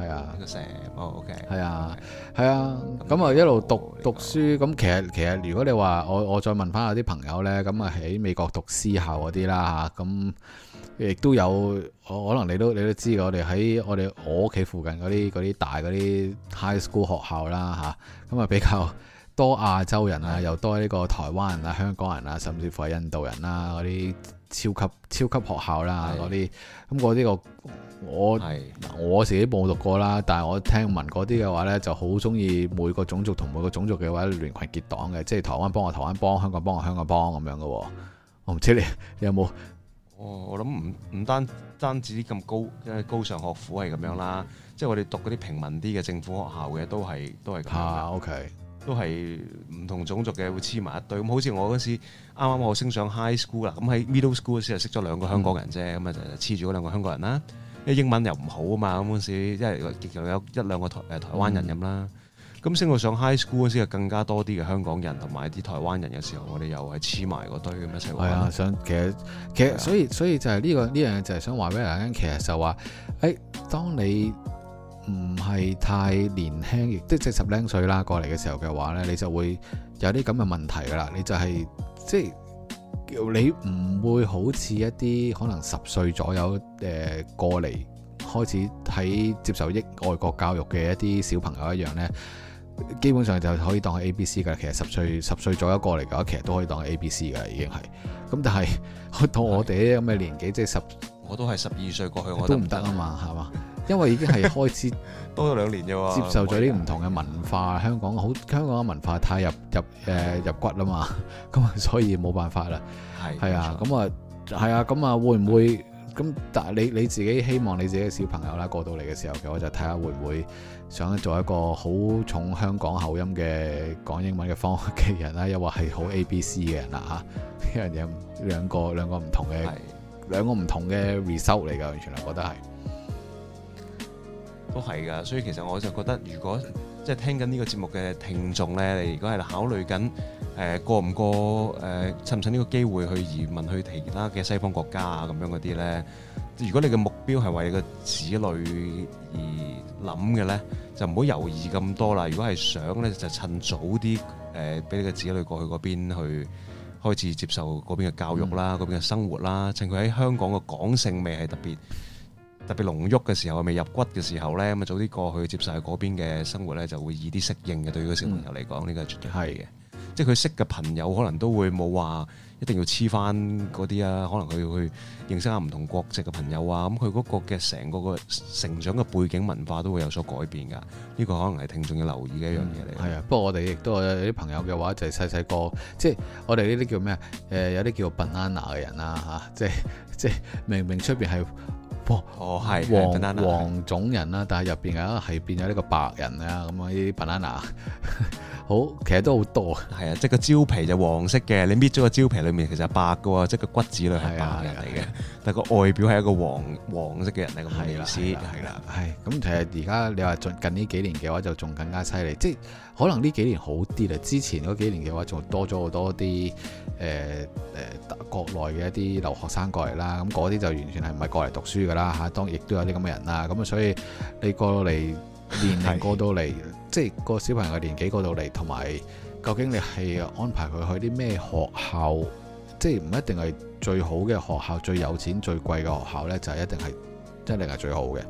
係啊，一個成，OK，係啊，係啊，咁啊一路讀讀書，咁其實其實如果你話我我再問翻有啲朋友咧，咁啊喺美國讀私校嗰啲啦吓，咁。亦都有，可可能你都你都知，我哋喺我哋我屋企附近嗰啲嗰啲大嗰啲 high school 學校啦吓，咁啊比較多亞洲人啊，又多呢個台灣人啊、香港人啊，甚至乎係印度人啦，嗰啲超級超級學校啦嗰啲，咁嗰啲我係是我自己冇讀過啦，但係我聽聞嗰啲嘅話咧，就好中意每個種族同每個種族嘅話，聯群結黨嘅，即係台灣幫我台灣幫香港幫我香港幫咁樣嘅喎，啊，我唔知你，你有冇？哦，我諗唔唔單單止咁高誒高尚學府係咁樣啦，嗯、即係我哋讀嗰啲平民啲嘅政府學校嘅都係都係咁啊，OK，都係唔同種族嘅會黐埋一堆。咁、嗯、好似我嗰時啱啱我升上 high school 啦，咁喺 middle school 嗰時候就識咗兩個香港人啫，咁啊、嗯、就黐住嗰兩個香港人啦，因為英文又唔好啊嘛，咁嗰時因為又有一兩個台誒台灣人咁啦。嗯嗯咁升到上 high school 先係更加多啲嘅香港人同埋啲台灣人嘅時候，我哋又係黐埋嗰堆咁一齊玩。係啊，想其實其實的所以所以就係呢，這個呢樣嘢，這個，就係想話俾人聽。其實就話，誒、哎，當你唔係太年輕，亦即係十零歲啦過嚟嘅時候嘅話咧，你就會有啲咁嘅問題噶啦。你就係即係你唔會好似一啲可能十歲左右誒、呃、過嚟開始喺接受益外國教育嘅一啲小朋友一樣咧。基本上就可以當係 A B C 噶啦，其實十歲十歲左右過嚟嘅話，其實都可以當係 A B C 噶啦，已經係。咁但係，到我哋咁嘅年紀，即係十，我都係十二歲過去，我都唔得啊嘛，係嘛？因為已經係開始多咗兩年啫，接受咗啲唔同嘅文化。香港好，香港嘅文化太入入誒入骨啊嘛，咁啊，所以冇辦法啦。係係啊，咁啊係啊，咁啊會唔會？咁但係你你自己希望你自己嘅小朋友啦過到嚟嘅時候嘅我就睇下會唔會想做一個好重香港口音嘅講英文嘅方向嘅人啦，又或係好 ABC 嘅人啦吓，呢樣嘢兩個兩個唔同嘅是兩個唔同嘅 result 嚟噶，完全係覺得係，都係噶，所以其實我就覺得如果即係、就是、聽緊呢個節目嘅聽眾咧，你如果係考慮緊。誒、呃、過唔過誒、呃、趁唔趁呢個機會去移民去其他嘅西方國家啊咁樣嗰啲咧？如果你嘅目標係為個子女而諗嘅咧，就唔好猶豫咁多啦。如果係想咧，就趁早啲誒俾你嘅子女過去嗰邊去開始接受嗰邊嘅教育啦，嗰、嗯、邊嘅生活啦，趁佢喺香港嘅港性未係特別特別濃郁嘅時候，未入骨嘅時候咧，咁啊早啲過去接受嗰邊嘅生活咧，就會易啲適應嘅。對於個小朋友嚟講，呢個、嗯、絕對係嘅。即係佢識嘅朋友，可能都會冇話一定要黐翻嗰啲啊。可能佢要去認識下唔同國籍嘅朋友啊。咁佢嗰個嘅成個個成長嘅背景文化都會有所改變㗎。呢個可能係聽眾要留意嘅一樣嘢嚟。係、嗯、啊，不過我哋亦都有啲朋友嘅話，就係細細個，即係我哋呢啲叫咩 an 啊？誒，有啲叫 banana 嘅人啦嚇，即係即係明明出邊係。哦，係黃是黃種人啦，是但係入邊啊係變咗呢個白人啊，咁啊啲 banana 好，其實都好多，係啊，即係個蕉皮就黃色嘅，你搣咗個蕉皮裏面其實係白嘅喎，即係個骨子裏係白人嚟嘅，啊啊、但係個外表係一個黃 黃色嘅人嚟嘅，咁嘅意思係啦，係咁、啊啊啊啊哎、其實而家你話近呢幾年嘅話就仲更加犀利，即係。可能呢幾年好啲啦，之前嗰幾年嘅話仲多咗好多啲誒誒國內嘅一啲留學生過嚟啦，咁嗰啲就完全係唔係過嚟讀書㗎啦嚇，當然亦都有啲咁嘅人啦，咁啊、嗯、所以你過嚟年齡過到嚟， 是的 即係個小朋友嘅年紀過到嚟，同埋究竟你係安排佢去啲咩學校，即係唔一定係最好嘅學校、最有錢、最貴嘅學校呢，就係一定係一定係最好嘅。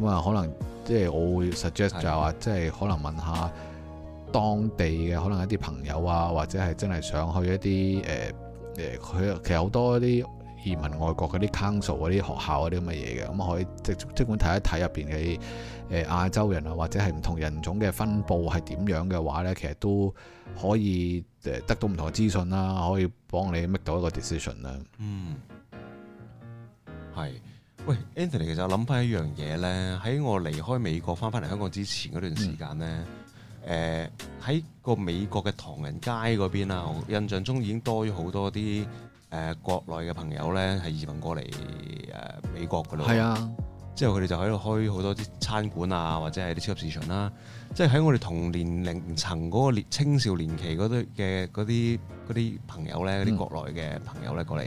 咁啊，可能即係我會 suggest 就係話，即係可能問下。當地嘅可能一啲朋友啊，或者係真係想去一啲誒誒，佢、呃呃、其實好多啲移民外國嗰啲 counsel 嗰啲學校嗰啲咁嘅嘢嘅，咁、嗯、可以即即管睇一睇入邊嘅誒亞洲人啊，或者係唔同人種嘅分佈係點樣嘅話咧，其實都可以誒得到唔同嘅資訊啦、啊，可以幫你 make 到一個 decision 啦。嗯，係。喂，Anthony，其實我諗翻一樣嘢咧，喺我離開美國翻翻嚟香港之前嗰段時間咧。嗯誒喺、呃、個美國嘅唐人街嗰邊啦，我印象中已經多咗好多啲誒、呃、國內嘅朋友咧，係移民過嚟誒、呃、美國嘅咯。係啊，之後佢哋就喺度開好多啲餐館啊，或者係啲超級市場啦、啊。即係喺我哋同年齡層嗰個年青少年期嗰堆嘅嗰啲嗰啲朋友咧，嗰啲國內嘅朋友咧、嗯、過嚟。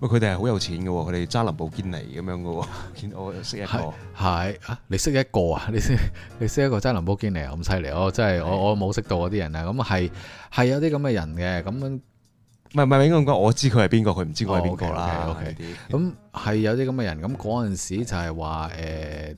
喂，佢哋係好有錢嘅喎，佢哋揸林寶堅尼咁樣嘅喎。見我識一個，係啊，你識一個啊？你識你識一個揸林寶堅尼啊？咁犀利哦！真係我我冇識到嗰啲人啊。咁係係有啲咁嘅人嘅，咁唔係唔係應該咁講？我知佢係邊個，佢唔知我係邊個啦。OK。咁係有啲咁嘅人。咁嗰陣時就係話誒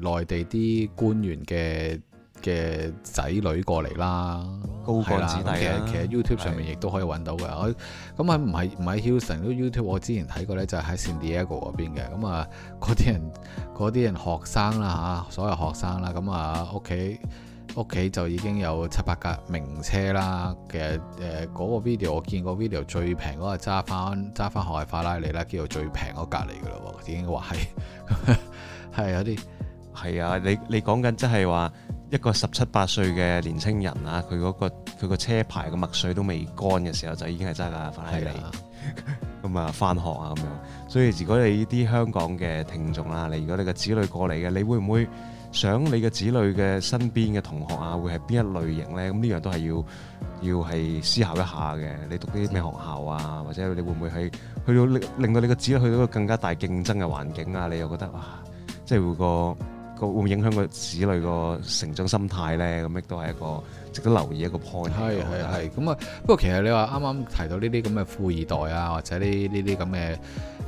誒內地啲官員嘅。嘅仔女過嚟啦，高幹子弟啊，其實 YouTube 上面亦都可以揾到嘅。我咁喺唔係唔喺 Houston YouTube。我之前睇過咧，就係喺 San Diego 嗰邊嘅。咁啊，嗰啲人嗰啲人學生啦嚇，所有學生啦。咁啊，屋企屋企就已經有七八架名車啦。其實誒嗰個 video 我見過 video 最平嗰個揸翻揸翻學係法拉利啦，叫做最平嗰架嚟噶咯喎，已經話係係有啲係啊！你你講緊即係話。一個十七八歲嘅年青人啊，佢嗰、嗰個佢個車牌嘅墨水都未乾嘅時候，就已經係揸喇法拉利。咁啊翻學啊咁樣。所以如果你呢啲香港嘅聽眾啦、啊，你如果你個子女過嚟嘅，你會唔會想你嘅子女嘅身邊嘅同學啊，會係邊一類型咧？咁呢樣都係要要係思考一下嘅。你讀啲咩學校啊？或者你會唔會係去到令到你個子女去到一個更加大競爭嘅環境啊？你又覺得哇，即係會個。會唔會影響個子女個成長心態咧？咁亦都係一個值得留意一個 point。係係係。咁啊，不過其實你話啱啱提到呢啲咁嘅富二代啊，或者呢呢啲咁嘅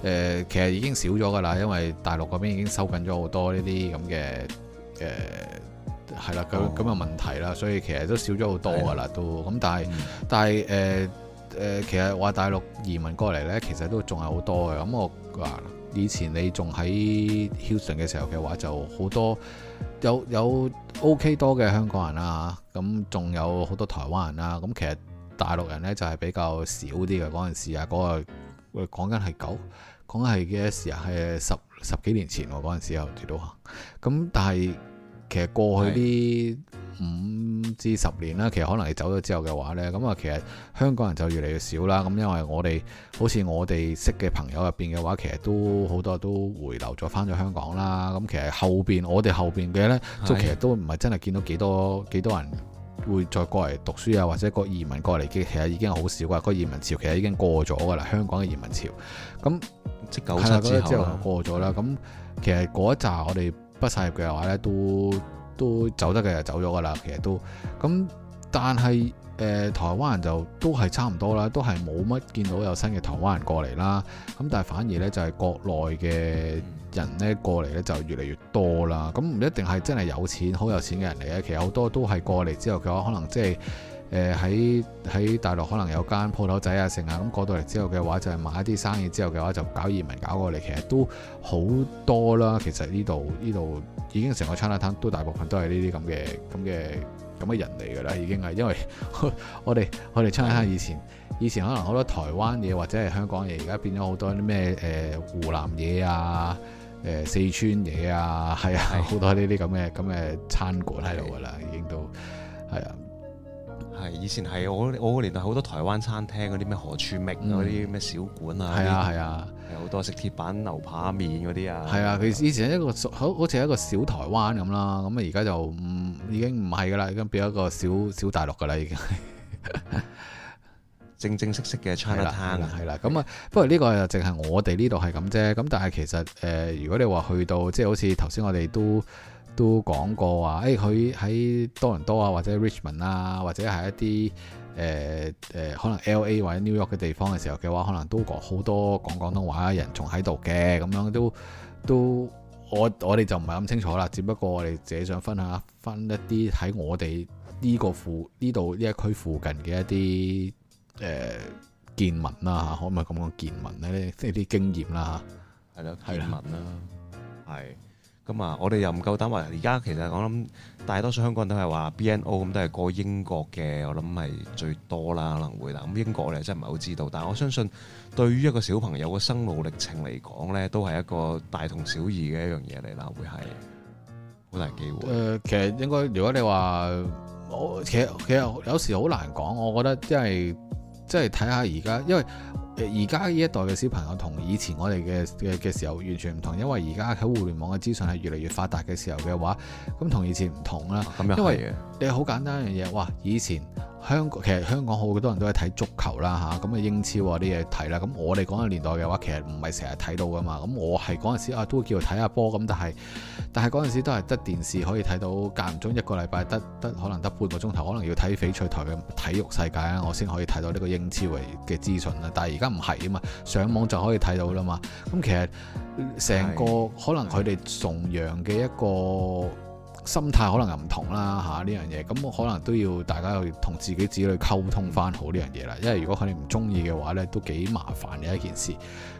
誒，其實已經少咗噶啦，因為大陸嗰邊已經收緊咗好多呢啲咁嘅誒係啦，咁咁嘅問題啦，哦、所以其實都少咗好多噶啦，都的。咁但係、嗯、但係誒誒，其實話大陸移民過嚟咧，其實都仲係好多嘅。咁我話。以前你仲喺 Houston 嘅時候嘅話，就好多有有 OK 多嘅香港人啦，咁仲有好多台灣人啦，咁、啊嗯、其實大陸人呢，就係、是、比較少啲嘅嗰陣時啊，嗰、那個講緊係九，講緊係幾時啊？係十十幾年前喎，嗰時候最多嚇，咁、嗯、但係其實過去啲。五至十年啦，其實可能你走咗之後嘅話呢，咁啊，其實香港人就越嚟越少啦。咁因為我哋好似我哋識嘅朋友入邊嘅話，其實都好多都回流咗翻咗香港啦。咁其實後邊我哋後邊嘅呢，都的其實都唔係真係見到幾多幾多人會再過嚟讀書啊，或者個移民過嚟嘅，其實已經好少噶。個移民潮其實已經過咗噶啦，香港嘅移民潮。咁即係九七之後，之後就過咗啦。咁的其實嗰一紮我哋畢晒業嘅話呢都。都走得嘅，就走咗㗎喇。其實都咁，但係誒、呃、台灣人就都係差唔多啦，都係冇乜見到有新嘅台灣人過嚟啦。咁但係反而呢，就係、是、國內嘅人呢過嚟呢就越嚟越多啦。咁唔一定係真係有錢、好有錢嘅人嚟嘅，其實好多都係過嚟之後嘅話，可能即係。誒喺喺大陸可能有間鋪頭仔啊，成啊咁過到嚟之後嘅話，就係、是、買一啲生意之後嘅話，就搞移民搞過嚟，其實都好多啦。其實呢度呢度已經成個餐飲攤都大部分都係呢啲咁嘅咁嘅咁嘅人嚟㗎啦，已經係因為我哋我哋參考下以前，以前可能好多台灣嘢或者係香港嘢，而家變咗好多啲咩誒湖南嘢啊，誒四川嘢啊，係啊，好是的 多呢啲咁嘅咁嘅餐館喺度㗎啦，是的 已經都係啊。係，以前係我我嗰年代好多台灣餐廳嗰啲咩何處覓嗰啲咩小館啊，係啊係啊，好多食鐵板牛扒麵嗰啲啊，係啊，佢以前一個好好似一個小台灣咁啦，咁啊而家就唔、嗯、已經唔係㗎啦，已經變咗一個小小大陸㗎啦，已經 正正式式嘅餐廳啦，係啦，咁啊，不過呢個就淨係我哋呢度係咁啫，咁但係其實誒、呃，如果你話去到即係、就是、好似頭先我哋都。都講過話，誒、欸，佢喺多倫多啊，或者 Richmond 啊，或者係一啲誒誒，可能 LA 或者 New York 嘅地方嘅時候嘅話，可能都講好多講廣東話嘅人仲喺度嘅，咁樣都都我我哋就唔係咁清楚啦。只不過我哋自己想分下分一啲喺我哋呢個附呢度呢一區附近嘅一啲誒見聞啦，可唔可以咁講見聞呢？即係啲經驗啦、啊，係咯，見聞啦，係的。咁啊、嗯，我哋又唔夠膽話。而家其實我諗大多數香港人都係話 BNO 咁，都係過英國嘅。我諗係最多啦，可能會啦。咁英國我哋真係唔係好知道，但我相信對於一個小朋友嘅生路歷程嚟講咧，都係一個大同小異嘅一樣嘢嚟啦，會係好大機會。誒、呃，其實應該如果你話我，其實其實有時好難講。我覺得即係即係睇下而家，因為。誒而家呢一代嘅小朋友同以前我哋嘅嘅嘅時候完全唔同，因為而家喺互聯網嘅資訊係越嚟越發達嘅時候嘅話，咁同以前唔同啦。咁又係嘅。因為你好簡單一樣嘢，哇！以前。香其實香港好多人都係睇足球啦吓，咁啊英超啊啲嘢睇啦。咁我哋嗰個年代嘅話，其實唔係成日睇到噶嘛。咁我係嗰陣時啊，都會叫佢睇下波咁，但係但係嗰陣時都係得電視可以睇到，間唔中一個禮拜得得可能得半個鐘頭，可能要睇翡翠台嘅體育世界啊，我先可以睇到呢個英超嘅資訊啊。但係而家唔係啊嘛，上網就可以睇到啦嘛。咁其實成個可能佢哋崇洋嘅一個心態可能又唔同啦嚇，呢樣嘢，咁，我可能都要大家去同自己子女溝通翻好呢樣嘢啦。因為如果佢哋唔中意嘅話呢，都幾麻煩嘅一件事。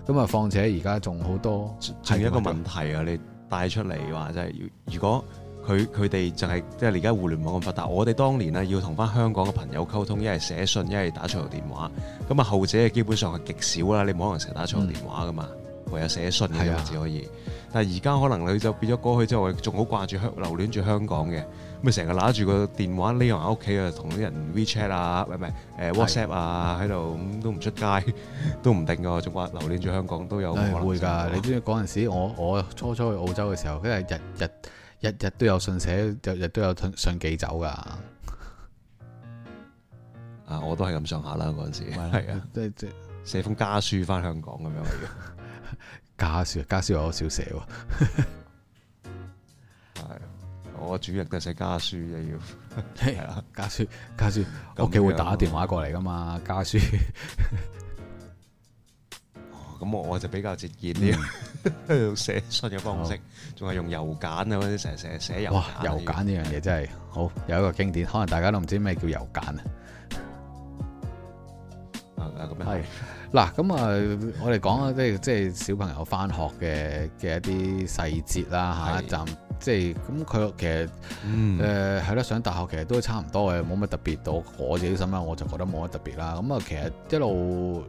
咁啊，況且而家仲好多係一個問題啊，你帶出嚟話真係如果佢佢哋，就係即係而家互聯網咁發達，我哋當年呢，要同翻香港嘅朋友溝通，一係寫信，一係打長途電話。咁啊，後者基本上係極少啦，你冇可能成日打長途電話噶嘛。嗯唯有寫信嘅字可以，是啊、但係而家可能你就變咗過去之後，仲好掛住香，留戀住香港嘅，咁咪成日揦住個電話匿埋喺屋企啊，同啲人 WeChat 啊，唔係唔係 WhatsApp 啊，喺度咁都唔出街，都唔定噶，仲掛留戀住香港都有。誒會㗎，你知唔知嗰陣時我我初初去澳洲嘅時候，佢係日日日日都有信寫，日日都有信寄走㗎。 啊，我都係咁上下啦嗰陣時，係啊，即係寫封家書翻香港咁樣。 家書，家書我少寫喎，我主要都係寫家書嘅要，係啦，家書，樣家書，屋企會打電話過嚟噶嘛，家書，咁、 哦、我我就比較節儉啲，寫 信嘅方式，仲係好用郵簡、簡啊，嗰啲成日寫寫郵，哇，郵簡呢樣嘢真係的好，有一個經典，可能大家都唔知咩叫郵簡啊，啊咁樣係。嗱，咁啊，我哋講下，即係即係小朋友返學嘅嘅一啲細節啦，的下一站，即係咁佢其實誒係啦，上大學其實都差唔多嘅，冇乜特別。到我自己心啊，我就覺得冇乜特別啦。咁啊，其實一路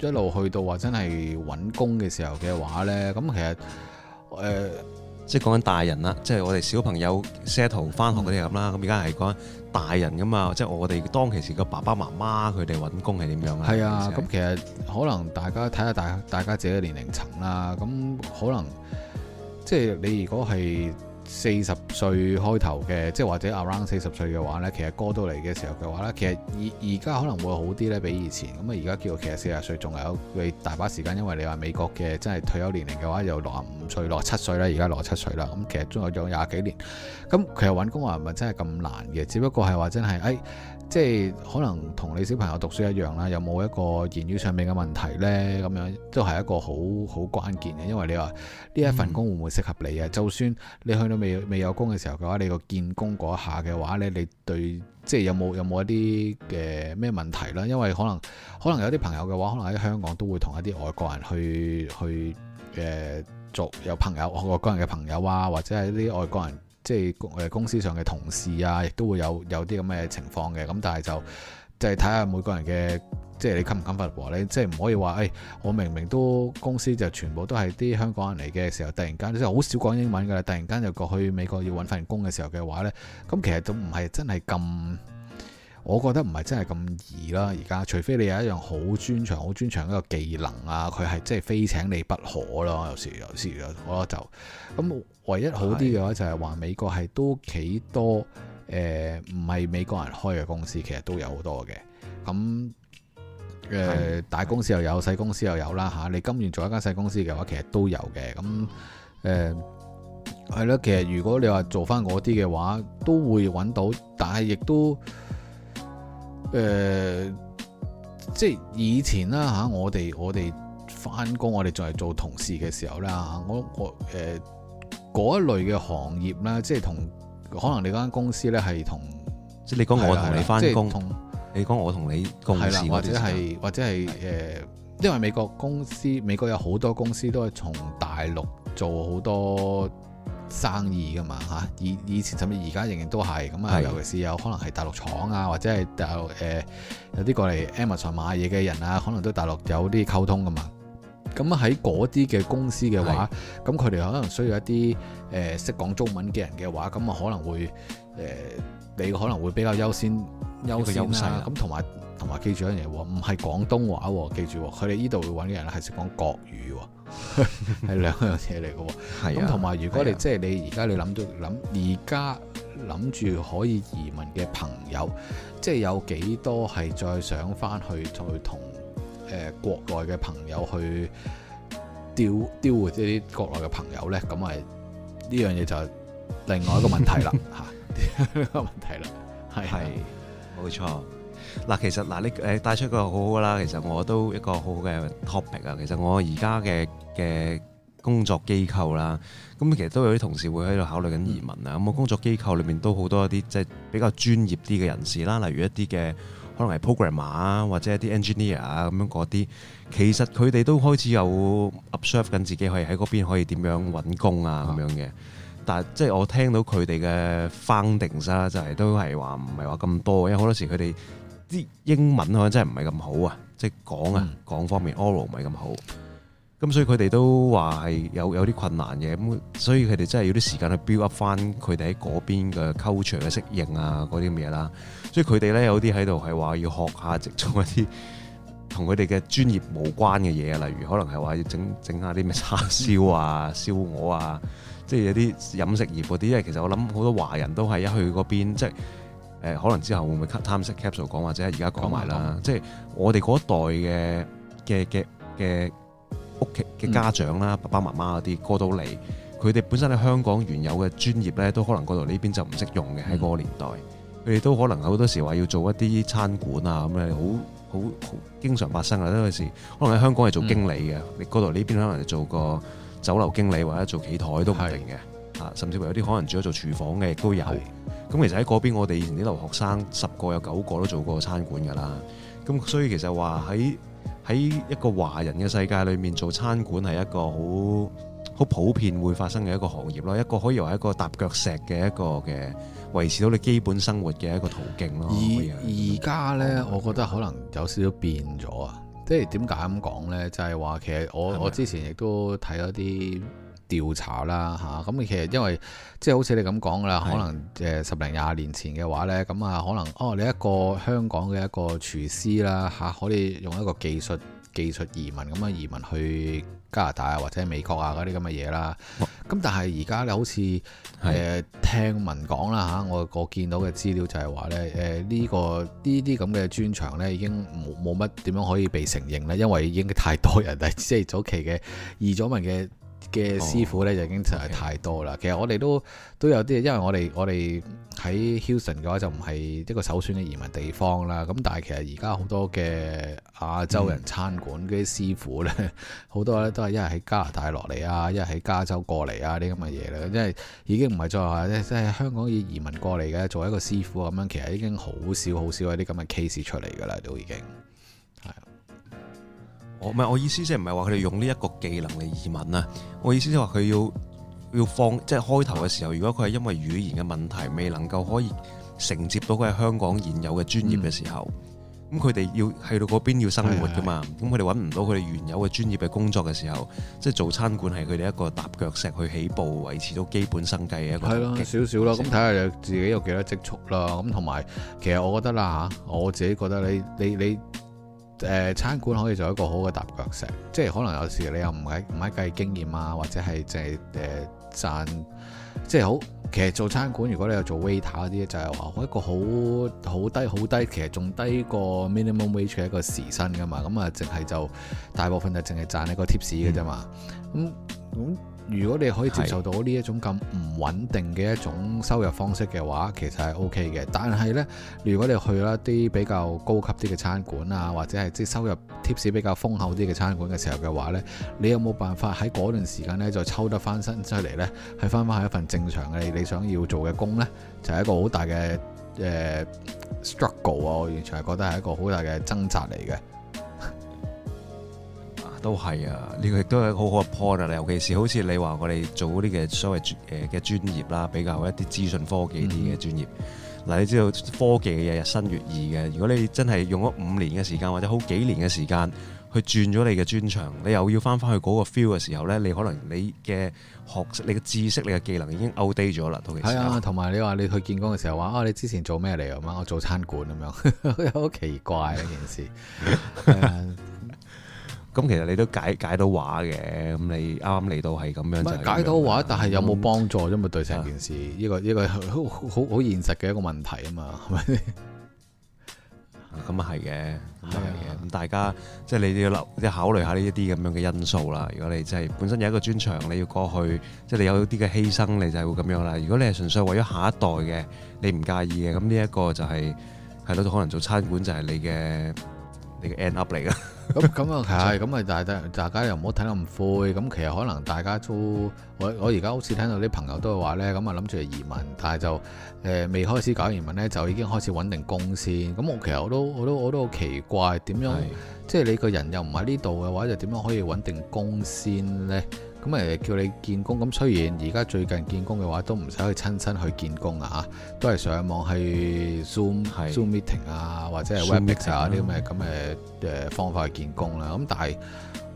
一路去到話真係搵工嘅時候嘅話咧，咁其實誒，呃、即係講緊大人啦，即、就、係、是、我哋小朋友 set 圖返學嗰啲咁啦。咁而家係講。大人㗎嘛，即係我哋當其時個爸爸媽媽佢哋揾工係點樣咧？係啊，咁其，其實可能大家睇下大大家自己嘅年齡層啦，咁可能即係你如果係。四十歲開頭嘅，即係或者 around 四十歲嘅話呢，其實過到嚟嘅時候嘅話呢，其實而而家可能會好啲呢比以前。咁啊，而家叫做其實四十歲仲有你大把時間，因為你話美國嘅真係退休年齡嘅話，又六十五歲，六十七歲啦，而家六十七歲啦。咁其實仲有咗廿幾年。咁其實揾工話，係咪真係咁難嘅？只不過係話真係誒。哎即係可能同你小朋友讀書一樣啦，有冇一個言語上面嘅問題呢？咁樣都係一個好好關鍵嘅，因為你話呢一份工會唔會適合你啊？嗯、就算你去到未未有工嘅時候嘅話，你個見工嗰下嘅話呢，你對即係有冇有冇一啲嘅咩問題啦？因為可能可能有啲朋友嘅話，可能喺香港都會同一啲外國人去去誒、呃、做有朋友外國人嘅朋友啊，或者係啲外國人。即係誒公司上嘅同事啊，亦都會有有啲咁嘅情況嘅，咁但係就就係睇下每個人嘅，即係你敢唔敢發達喎咧？即係唔可以話誒、哎，我明明都公司就全部都係啲香港人嚟嘅時候，突然間即係好少講英文㗎啦，突然間就過去美國要揾份工嘅時候嘅話呢，咁其實都唔係真係咁。我覺得唔係真係咁易啦，而家除非你有一樣好專長、好專長一個技能啊，佢係即係非請你不可咯。有時有時有時，我覺得就咁唯一好啲嘅話就係、是、話美國係都幾多誒，唔、呃、係美國人開嘅公司其實都有好多嘅。咁誒、呃、的大公司又有，細公司又有啦嚇、啊。你今年做一間細公司嘅話，其實都有嘅。咁誒係咯，其實如果你話做翻嗰啲嘅話，都會揾到，但係亦都。誒、呃，即係以前啦吓、啊，我哋我哋翻工，我哋仲係做同事嘅時候啦吓、啊，我我誒嗰一類嘅行業啦，即係同可能你嗰間公司咧係同即係你講我你的同你翻工，你講我同你公司啦，或者係的或者係誒、呃，因為美國公司美國有好多公司都係從大陸做好多。生意㗎嘛吓，以以前甚至而家仍然都係咁啊，是尤其是有可能係大陸廠啊，或者係大陸誒、呃、有啲過嚟 Amazon 買嘢嘅人啊，可能都大陸有啲溝通㗎嘛。咁喺嗰啲嘅公司嘅話，咁佢哋可能需要一啲誒識講中文嘅人嘅話，咁啊可能會誒、呃、你可能會比較優先。優嘅優勢，咁同埋同埋記住一樣嘢喎，唔係廣東話喎，記住，佢哋呢度會搵啲人係識講國語喎，係 兩樣嘢嚟嘅喎。咁同埋，如果你即係你而家你諗到諗而家諗住可以移民嘅朋友，即係有幾多係再想翻去再同誒國內嘅朋友去丟丟活啲國內嘅朋友咧？咁係呢樣嘢就，係呢個、就另外一個問題啦，吓個 問題啦，係。 冇錯，嗱，其實嗱，你誒帶出個好好啦，其實我都一個好好嘅 topic 啊。其實我而家嘅嘅工作機構啦，咁其實都有啲同事會喺度考慮緊移民啊。咁我、嗯嗯、工作機構裏面都好多一啲即係比較專業啲嘅人士啦，例如一啲嘅可能係 programmer 啊，或者一啲 engineer 啊咁樣嗰啲，其實佢哋都開始有 observe 緊自己可以喺嗰邊可以點樣搵工啊咁、嗯、樣嘅。但係即係我聽到佢哋嘅 funding 啦，就係都係話唔係話咁多，因為好多時佢哋啲英文可能真係唔係咁好啊，即係講啊講方面 oral 唔係咁好，咁所以佢哋都話係有有啲困難嘅，咁所以佢哋真係要啲時間去 build up 翻佢哋喺嗰邊嘅 culture 嘅適應啊嗰啲咩啦，所以佢哋咧有啲喺度係話要學下直做一啲同佢哋嘅專業無關嘅嘢啊，例如可能係話要整整下啲咩叉燒啊、燒鵝啊。即係有啲飲食業嗰啲，因為其實我諗好多華人都係一去嗰邊，即係誒、呃、可能之後會唔會 time 食 capsule 講，或者而家講埋啦。即係我哋嗰一代嘅嘅嘅嘅屋企嘅家長啦，爸爸媽媽嗰啲過到嚟，佢哋本身喺香港原有嘅專業咧，都可能過到呢邊就唔識用嘅。喺嗰、嗯、個年代，佢哋都可能好多時話要做一啲餐館啊咁啊，好好經常發生嘅一件事。可能喺香港係做經理嘅，你過到呢邊可能就做個。酒樓經理或者做企台都唔定嘅，是啊，甚至乎有啲可能住咗做廚房嘅都有。咁是其實喺嗰邊，我哋以前啲留學生十個有九個都做過餐館噶啦。咁所以其實話喺喺一個華人嘅世界裏面做餐館係一個好好普遍會發生嘅一個行業咯，一個可以話係一個踏腳石嘅一個嘅維持到你基本生活嘅一個途徑咯。而而家呢，我覺得可能有少少變咗啊。即係點解咁講呢？就係、是、話其實我是是我之前亦都睇咗啲調查啦嚇。咁其實因為即係好似你咁講噶啦，可能誒十零廿年前嘅話呢，咁啊可能哦你一個香港嘅一個廚師啦嚇，可以用一個技術技術移民咁啊移民去。加拿大啊，或者美國啊，嗰啲咁嘅嘢啦，咁、哦、但係而家你好似誒、呃、是聽聞講啦嚇，我我見到嘅資料就係話咧誒呢個呢啲咁嘅專長咧已經冇冇乜點樣可以被承認咧，因為已經太多人啦， 即係早期嘅移咗民嘅。嘅師傅咧就已經實在太多啦。Okay. 其實我哋都都有啲，因為我哋我哋喺 Houston 嘅話就唔係一個首選嘅移民地方啦。咁但係其實而家好多嘅亞洲人餐館啲師傅咧，好、嗯、多咧都係一係喺加拿大落嚟啊，一係喺加州過嚟啊啲咁嘅嘢啦。因為已經唔係再話即係香港要移民過嚟嘅做一個師傅咁樣，其實已經好少好少有啲咁嘅 case 出嚟噶啦，都已經。我唔係我意思，即係唔係話佢哋用呢一個技能嚟移民啊！我意思即係話佢要要放，即係開頭嘅時候，如果佢係因為語言嘅問題未能夠可以承接到佢喺香港現有嘅專業嘅時候，咁佢哋要去到嗰邊要生活噶嘛。咁佢哋揾唔到佢哋原有嘅專業嘅工作嘅時候，即係做餐館係佢哋一個踏腳石去起步維持到基本生計嘅一個，係咯、啊、少少咯。咁睇下自己有幾多積蓄啦。咁同埋其實我覺得啦嚇，我自己覺得你你你。你誒、呃、餐館可以做一個好嘅踏腳石，即係可能有時你又唔係唔係計經驗啊，或者係淨係誒賺，即係好其實做餐館如果你有做 waiter 嗰啲就係、是、話一個好好低好低，其實仲低過 minimum wage 嘅一個時薪㗎嘛，咁啊淨係就大部分就淨係賺你個 tips 㗎咋嘛，咁、嗯、咁。嗯嗯。如果你可以接受到呢一種咁唔穩定嘅一種收入方式嘅話，其實係 OK 嘅。但係呢，如果你去一啲比較高級啲嘅餐館啊，或者係即係收入 tips 比較豐厚啲嘅餐館嘅時候嘅話呢，你有冇辦法喺嗰段時間呢就抽得翻身出嚟呢？去翻翻係一份正常嘅你想要做嘅工呢？就係、是、一個好大嘅誒、呃、struggle 啊！我完全係覺得係一個好大嘅掙扎嚟嘅。都係啊！呢、呢個亦都係好好嘅 point 啦，尤其是好似你話我哋做呢啲嘅所謂誒嘅專業啦，比較一啲資訊科技啲嘅專業。嗱、嗯哼啊，你知道科技嘅嘢日新月異嘅，如果你真係用咗五年嘅時間或者好幾年嘅時間去轉咗你嘅專長，你又要翻返去嗰個 feel 嘅時候咧，你可能你嘅學、你嘅知識、你嘅技能已經 outdate 咗啦。到係啊，同埋你話你去見工嘅時候話啊，你之前做咩嚟啊？我做餐館咁樣，好 奇怪呢件事。 咁其實你都解解到話嘅，咁你啱啱嚟到係咁樣就解到話，但係有冇幫助啫？咪、嗯、對成件事，呢、這個呢、這個好好好現實嘅一個問題啊嘛，係咪、嗯？咁啊係嘅，係嘅。咁大家即係、就是、你要留，要考慮下呢一啲咁樣嘅因素啦。如果你即係本身有一個專長，你要過去，即、就、係、是、你有啲嘅犧牲，你就會咁樣啦。如果你係純粹為咗下一代嘅，你唔介意嘅，咁呢一個就係係咯，可能做餐館就係你嘅。你嘅 end up 嚟嘅， 咁咁啊，係咁啊，但係大家又唔好睇得咁灰，咁其實可能大家都我我而家好似聽到啲朋友都係話咧，咁啊諗住移民，但係就誒未開始搞移民咧，就已經開始揾定工先。咁我其實我都我都我都好奇怪，點樣是即係你個人又唔喺呢度嘅話，就點樣可以穩定工先咧？咁誒、嗯、叫你見工，咁雖然而家最近見工嘅話，都唔使去親身去見工啊，嚇，都係上網去 Zoom 是 Zoom meeting 啊，或者係 Webex 啊啲咁嘅咁嘅誒方法去見工啦。咁、啊、但係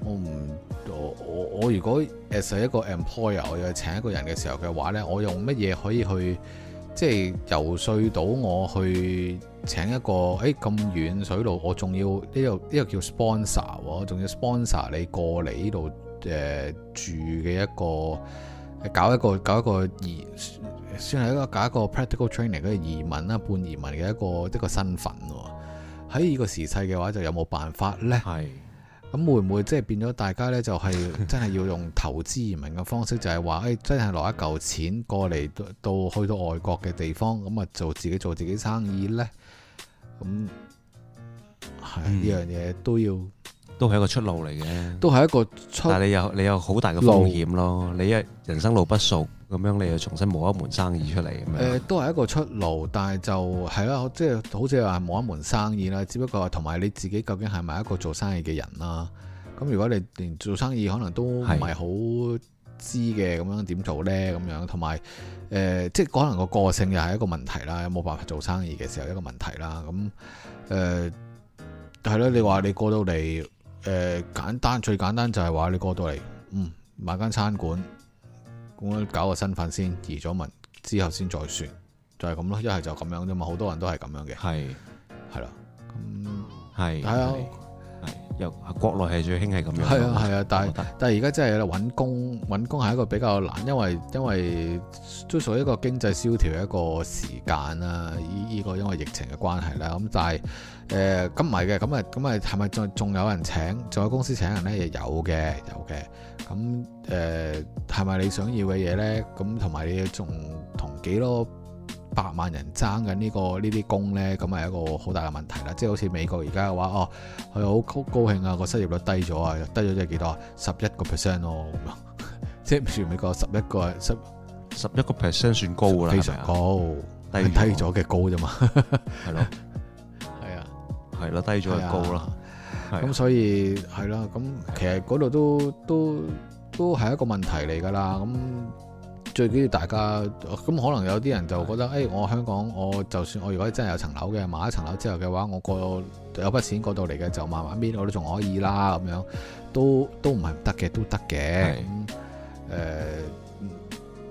我唔我我，我如果作為一個 employer 要請一個人嘅時候嘅話咧，我用乜嘢可以去即係游説到我去請一個誒咁、欸、遠水路，我仲要呢個呢個叫 sponsor 仲要 sponsor 你過嚟呢度。誒、呃，住嘅一個，搞一個搞一個移，算係一個搞一個 practical training 嗰個移民啦，半移民嘅一個一個身份喎。喺呢個時勢嘅話，就有冇辦法呢？係是，咁會唔會即係變咗大家呢？就係、是、真係要用投資移民嘅方式就，就係話誒，真係攞一嚿錢過嚟到，到去到外國嘅地方，咁啊做自己做自己生意呢？咁係呢樣嘢都要。都係一個出路嚟嘅，都係一個出。但你有你有好大嘅風險咯，路你一人生路不熟，咁、嗯、樣，你要重新磨一門生意出嚟咁樣。誒、呃，都係一個出路，但係就係啦，即係、啊就是、好似話磨一門生意啦，只不過同埋你自己究竟係咪一個做生意嘅人啦？咁如果你連做生意可能都唔係好知嘅，咁是樣點做呢？咁樣同埋誒，即係可能個個性又係一個問題啦，冇有有辦法做生意嘅時候一個問題啦。咁誒係咯，你話你過到嚟。誒，簡單，最簡單就係話你過到嚟，嗯，買間餐館，咁樣搞個身份先，移咗民之後先再說，就係咁咯，一係就咁樣啫嘛，好多人都係咁樣嘅，係係啦，咁係係啊，係又國內係最興係咁樣，係啊係啊，但係覺但係而家真係搵工，搵工係一個比較難，因為因為都屬於一個經濟蕭條一個時間啦，呢呢個因為疫情嘅關係啦，咁但係。誒咁唔係嘅，咁啊咁啊係咪仲仲有人請？仲有公司請人咧？亦有嘅，有嘅。咁誒係咪你想要嘅嘢咧？咁同埋你仲同幾多百萬人爭緊、這個、呢個呢啲工咧？咁係一個好大嘅問題啦。即係好似美國而家嘅話哦，佢好高高興啊！個失業率低咗啊，低咗即係幾多啊？十一個 percent 咯，即係唔算美國十一個十十一個 percent 算高啦，非常高，係係低咗低咗嘅高啫嘛，係咯。係啦，低咗又高啦，咁所以係啦，咁其實嗰度都都都係一個問題嚟噶啦。咁最緊要大家咁可能有啲人就覺得，誒是的、哎，我香港，我就算我如果真係有層樓嘅，買一層樓之後嘅話，我過有筆錢過到嚟嘅，就慢慢搣，我都仲可以啦。咁樣都都唔係唔得嘅，都得嘅。咁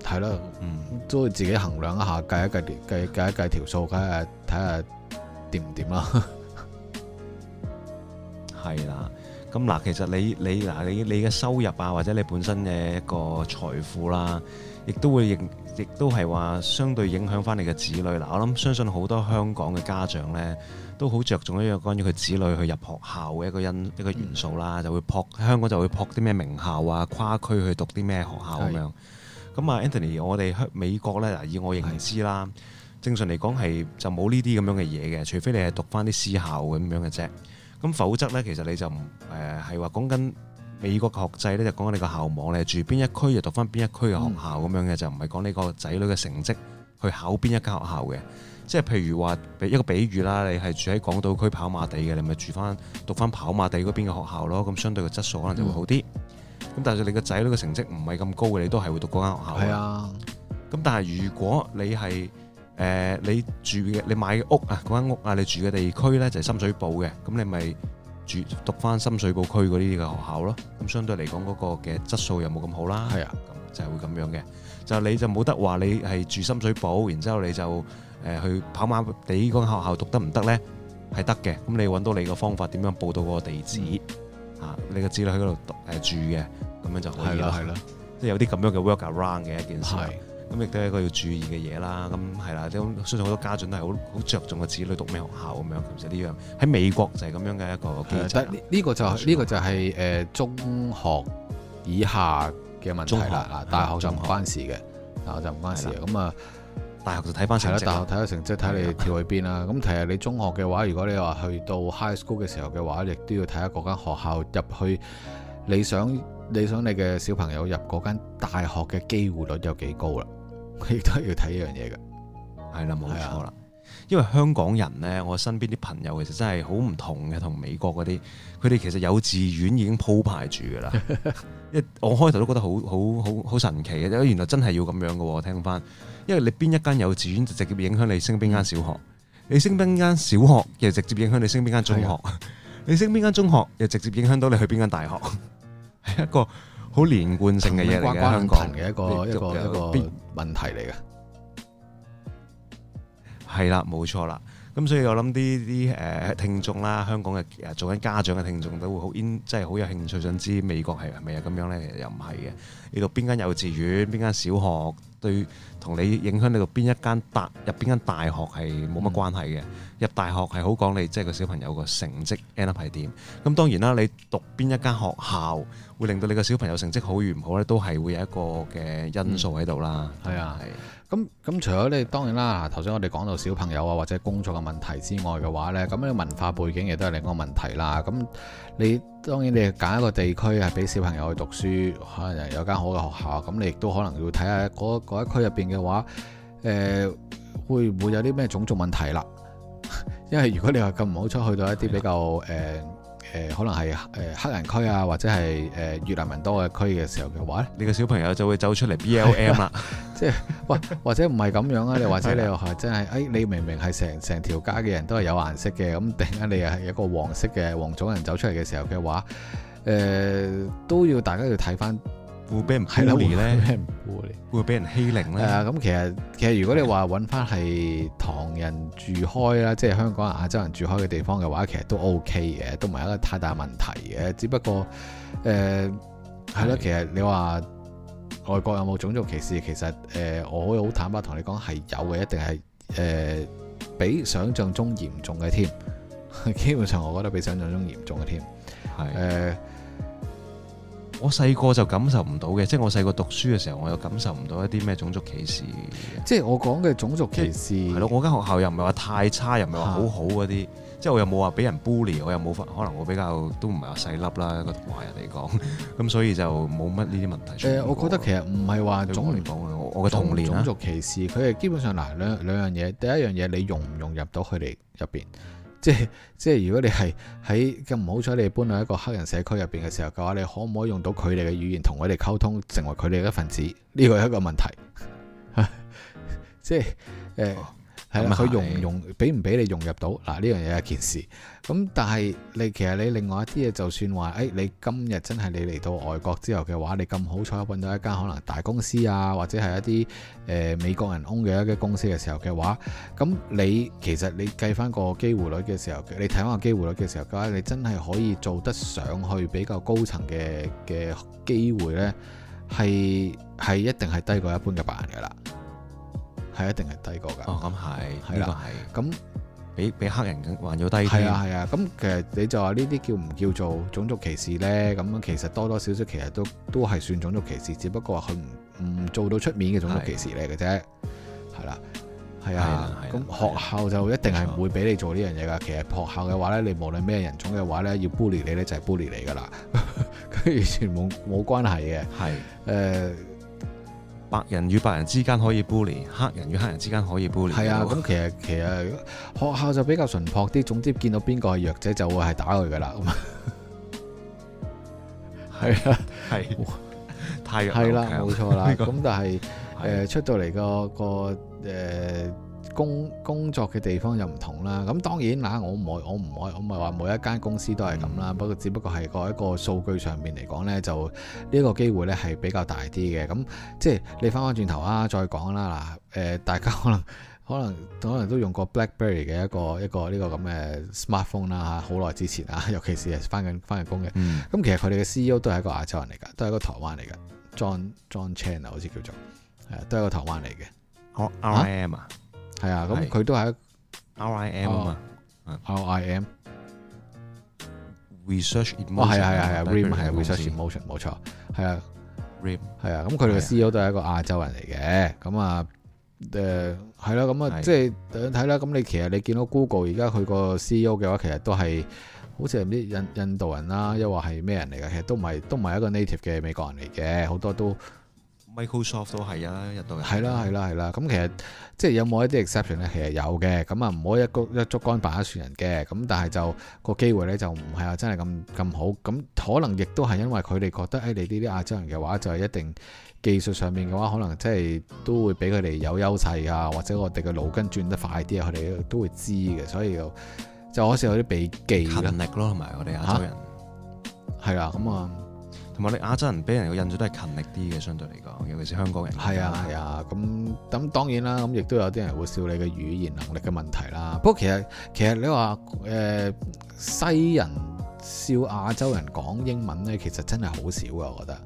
誒係啦，是的 嗯，呃、嗯都要自己衡量一下，計一計條計計一計條數，睇下睇下掂唔掂啦。係啦，咁嗱、嗯，其實你你嗱你你嘅收入啊，或者你本身嘅一個財富啦，亦都會亦亦都係話相對影響翻你嘅子女嗱。我諗相信好多香港嘅家長咧，都好着重一樣關於佢子女去入學校嘅一個因、嗯、一個元素啦，就會撲香港就會撲啲咩名校啊，跨區去讀啲咩學校咁樣。咁啊的，Anthony，我哋喺美國咧嗱，以我認知啦，的正常嚟講係就冇呢啲咁樣嘅嘢嘅，除非你係讀翻啲私校咁樣嘅啫。咁否則呢？其實你就唔誒係話講緊美國嘅學制咧，就講緊你個校網，你住邊一區就讀翻邊一區嘅學校咁、嗯、樣嘅，就唔係講你個仔女嘅成績去考邊一間學校嘅。即係譬如話，比一個比喻啦，你係住喺港島區跑馬地嘅，你咪住翻讀翻跑馬地嗰邊嘅學校咯。咁相對嘅質素可能就會好啲。咁、嗯、但係你個仔女嘅成績唔係咁高嘅，你都係會讀嗰間學校嘅。啊、嗯。咁但係如果你係誒，你住嘅你買嘅屋啊，嗰間屋啊，你住嘅地區咧就係深水埗嘅，咁你咪住讀翻深水埗區嗰啲嘅學校咯。咁相對嚟講，嗰個嘅質素又冇咁好啦。係是啊就，就係會咁樣嘅。就你就冇得話，你係住深水埗，然之後你就誒去跑馬地嗰間學校讀得唔得咧？係得嘅。咁你揾到你個方法，點樣報到嗰個地址、嗯、啊？你嘅子女喺度讀住嘅，咁樣就可以。係啦，係啦，即係有啲咁樣嘅 workaround 嘅一件事。是啊。咁亦都係一個要注意嘅嘢啦，咁係啦，都相信好多家長都係好好著重個子女讀咩學校咁樣，其實呢樣喺美國就係咁樣嘅一個規則。呢個就呢、是、學個就係、是、誒、呃、中學以下嘅問題啦，大學就唔關事嘅，大學就唔關事咁啊，大學就睇翻成績。係啦，大學睇下成績，睇你跳去邊啦。咁其實你中學嘅話，如果你話去到 high school 嘅時候嘅話，亦都要睇下嗰間學校入去，你想你想你嘅小朋友入嗰間大學嘅機會率有幾高啦。佢都係要睇呢樣嘢嘅，係啦，冇錯啦。的因為香港人呢，我身邊啲朋友其實真係好唔同嘅，同美國嗰啲，佢哋其實幼稚園已經鋪排住噶啦。 我一我開頭都覺得好好好好神奇嘅，原來真係要咁樣嘅。聽翻，因為你邊一間幼稚園就直接影響你升邊間小學，你升邊間小學又直接影響你升邊間中學，的 你升邊間中學又直接影響到你去邊間大學，係一個。好連貫性嘅嘢嚟嘅，香港嘅一個一個一個，一個問題嚟嘅，係啦，冇錯啦。咁所以我諗啲啲誒聽眾啦，香港嘅做緊家長嘅聽眾都會好 in，即係好有興趣想知美國係係咪啊咁樣咧？其實又唔係嘅，呢度邊間幼稚園，邊間小學？對，同你影響你讀邊一間大入邊間大學係冇乜關係嘅，嗯、入大學係好講你即係、就是、個小朋友個成績，end up 係點。咁當然啦，你讀邊一間學校會令到你個小朋友成績好與唔好咧，都係會有一個嘅因素喺度啦。係、嗯就是、啊，係。咁咁除咗你，當然啦，嗱，頭先我哋講到小朋友啊，或者工作嘅問題之外嘅話呢，咁你文化背景亦都係另一個問題啦。咁你當然你揀一個地區係俾小朋友去讀書，可能有間好嘅學校，咁你亦都可能要睇下嗰一區入邊嘅話，誒、呃、會唔會有啲咩種族問題啦？因為如果你話咁唔好出去到一啲比較誒誒的、呃呃，可能係誒黑人區啊，或者係誒越南人多嘅區嘅時候嘅話，你嘅小朋友就會走出嚟 B L M 啦的。 即係，或 或者唔係咁樣啊？你或者你又係真係，誒、 哎、你明明係成成條街嘅人都係有顏色嘅，咁突然間你又係一個黃色嘅黃種人走出嚟嘅時候嘅話，誒、呃、都要大家要睇翻，會俾人，人欺凌咧。會俾人欺凌咧。係啊，咁其實其實如果你話揾翻係唐人住開啦，即、就、係、是、香港人、亞洲人住開嘅地方嘅話，其實都 OK 嘅，都唔係一個太大問題嘅。只不過誒係咯，其實你話。外國有冇種族歧視？其實，誒、呃，我可以好坦白同你講係有嘅，一定係誒、呃、比想象中嚴重嘅添。基本上，我覺得比想象中嚴重嘅添。係誒，呃、我細個就感受唔到嘅，即係我細個讀書嘅時候，我又感受唔到一啲咩種族歧視。即係我講嘅種族歧視係咯，我間學校又唔係話太差，又唔係話好好嗰啲。啊即係我又冇話俾人 bully，我又冇可能我比較都唔係話細粒啦，個華人嚟講，咁所以就冇乜呢啲問題。誒、呃，我覺得其實唔係話種族，我嘅童年啦，種族歧視，佢係基本上嗱兩兩樣嘢。第一樣嘢，你融唔融入到佢哋入邊，即係即係如果你係喺咁唔好彩，你搬去一個黑人社區入邊嘅時候嘅話，你可唔可以用到佢哋嘅語言同佢哋溝通，成為佢哋嘅一份子？呢個係一個問題。哈哈即係誒。呃嗯係佢融唔融，俾唔俾你融入到嗱呢樣嘢一件事。咁但係你其實你另外一啲嘢，就算話誒、哎、你今日真係你嚟到外國之後嘅話，你咁好彩揾到一間可能大公司啊，或者係一啲誒、呃、美國人 own 嘅一間公司嘅時候嘅話，咁你其實你計翻個機會率嘅時候，你睇翻個機會率嘅時候嘅話，你真係可以做得上去比較高層嘅嘅機會呢，係係一定係低過一般嘅白人嘅啦。係一定係低過噶。哦，咁係，呢個係。咁比比黑人咁還要低啲。係啊係啊。咁其實你就話呢啲叫唔叫做種族歧視咧？咁其實多多少少其實都都係算種族歧視，只不過佢唔唔做到出面嘅種族歧視嚟嘅啫。係啦，係啊。咁學校就一定係唔會俾你做呢樣嘢噶。其實學校嘅話咧，你無論咩人種嘅話咧，要 bully 你咧就係 bully 你噶啦，跟住全冇冇關係嘅。係，誒。白人與白人之間可以 bully，黑人與黑人之間可以 bully。係啊，咁好、嗯、其實其實學校就比較淳樸啲，總之見到邊個係弱者就會係打佢噶啦。係 啊，係。 啊、太弱係啦，冇裡錯啦。咁但係誒出到嚟、那個個誒。呃工工作嘅地方又唔同啦。咁當然嗱，我唔我我唔我我唔係話每一間公司都係咁啦。不過、嗯、只不過係個一個數據上面嚟講呢，就呢個機會咧係比較大啲嘅。咁即係你翻返轉頭啊，再講啦嗱誒，大家可能可能可能，可能都用過 BlackBerry 嘅一個一個呢個咁嘅 smartphone 啦嚇，好耐之前啊，尤其是係翻緊翻緊工嘅。咁、嗯、其實佢哋嘅 CEO 都係一個亞洲人嚟㗎，都係一個台灣嚟㗎，John John Chen 啊，好似叫做係啊，都係個台灣嚟嘅。好、oh, I M 啊？係啊，咁佢 Rem. 都係 RIM 啊嘛 RIM，research in motion 啊係係係係，RIM 係 research in motion 冇錯，係啊，RIM 係啊，咁佢哋嘅 CEO 都係一個亞洲人嚟嘅，咁啊，誒係啦，咁啊即係睇啦，咁你其實你見到 Google 而家佢個 CEO 嘅話、exactly，其實都係好似係啲印印度人啦，又或係咩人嚟嘅？其實都唔係都唔係一個 native 嘅美國人嚟嘅，好多都。看 SM 2 Microsoft 都係啊，入到係啦係啦係啦，咁其實即係有冇一啲 exception 咧？其實有嘅，咁啊唔好一谷一竹篙擺一船人嘅，咁但係就、個機會咧就唔係啊真係咁咁好，咁可能亦都係因為佢哋覺得誒、哎、你呢啲亞洲人嘅話就係、係、一定技術上面嘅話，可能即係都會畀佢哋有優勢啊，或者我哋嘅腦筋轉得快啲啊，佢哋都會知嘅，所以就，就好似有啲避忌能力咯，同埋我哋亞洲人係啊，咁啊。嗯嗯同埋你亞洲人俾人嘅印象都係勤力啲嘅，相對嚟講，尤其是香港人。係啊，係啊，咁咁當然啦，咁亦都有啲人會笑你嘅語言能力嘅問題啦。不過其實其實你話誒、呃、西人笑亞洲人講英文呢，其實真係好少㗎，我覺得。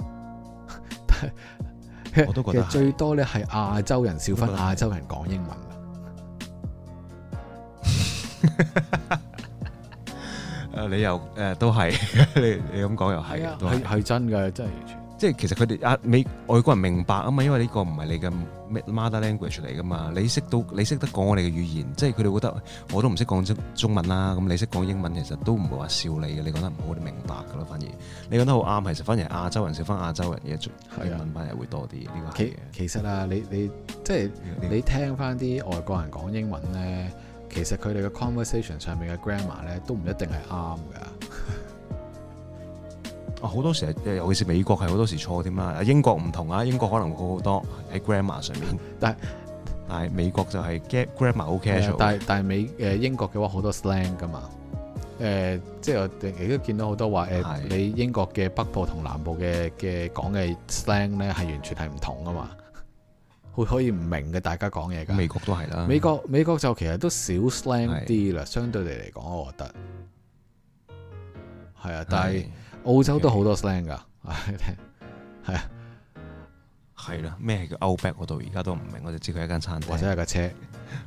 我都覺得。其實最多呢係亞洲人笑翻亞洲人講英文。 誒你又誒、呃、都係，你你咁講又係，啊、都係係真嘅，真係完全。即係其實佢哋阿美外國人明白啊嘛，因為呢個唔係你嘅 mother language 嚟噶嘛，你識到你識得講我哋嘅語言，即係佢哋覺得我都唔識講中中文啦，咁你識講英文，其實都唔會話笑你嘅。你講得唔好，你明白噶咯，反而你講得好啱，其實反而亞洲人笑翻亞洲人嘅英英文翻又會多啲。呢、啊、個其其實啊，你你即係你聽翻啲外國人講英文咧。其實佢哋嘅 conversation 上面嘅 grammar 咧，都唔一定係啱嘅。 啊，好多時，尤其是美國係好多時錯添啊。英國唔同啊，英國可能好好多喺 grammar 上面。但係是但係美國就係 grammar 好 casual、嗯、但係但係美誒、呃、英國嘅話好多 slang 噶嘛。誒、呃，即係我哋亦都見到好多話誒，呃、是你英國嘅北部同南部嘅嘅講嘅 slang 咧係完全係唔同噶嘛。佢可以唔明嘅，大家講嘢嘅。美國都係啦。美國美國就其實都少 slang 啲啦，相對地嚟講，我覺得係啊。但係澳洲都好多 slang 噶，係啊，係啦。咩叫 outback？我到而家都唔明，我就知佢一間餐廳，或者係架車。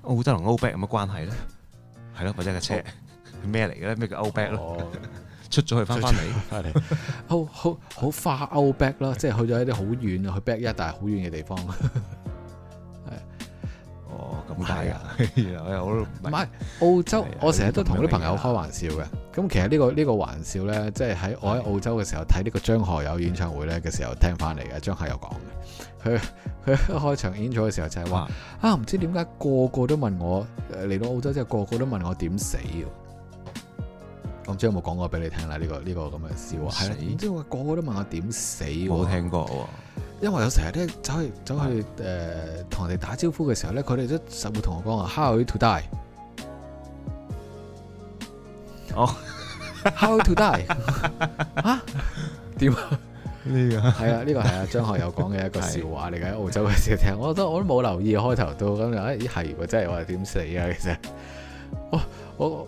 澳洲同 outback 有乜關係咧？係咯，或者架車咩嚟嘅咧？咩叫 outback 咧？出咗去翻翻嚟，翻嚟好好好 far outback 啦，即係去咗一啲好遠啊，去 back 一大好遠嘅地方。咁解噶，哦啊、 我唔係是澳洲，啊、我成日都同啲朋友開玩笑嘅。咁、啊、其實呢、這個呢、這個玩笑咧，即係喺我喺澳洲嘅時候睇呢個張學友演唱會咧嘅時候聽翻嚟嘅。張學友講嘅，佢佢開場演出嘅時候就係話哇啊，唔知點解個個都問我，嚟、嗯、到澳洲之後個個都問我點死。咁唔知有冇講過俾你聽啦，呢、這個呢、這個咁嘅笑話，係唔、啊啊、知話個個都問我點死。冇聽過、哦。因為有成日咧走去走去誒同人哋打招呼嘅時候咧，佢哋都實會同我講話，How to die？哦、oh.，How to die？嚇點 啊？呢個係啊，呢個係啊，張學友講嘅一個笑話嚟嘅， 的澳洲嘅時候聽，我都我都冇留意，開頭都咁樣，咦係喎，真係話點死啊其實，我。我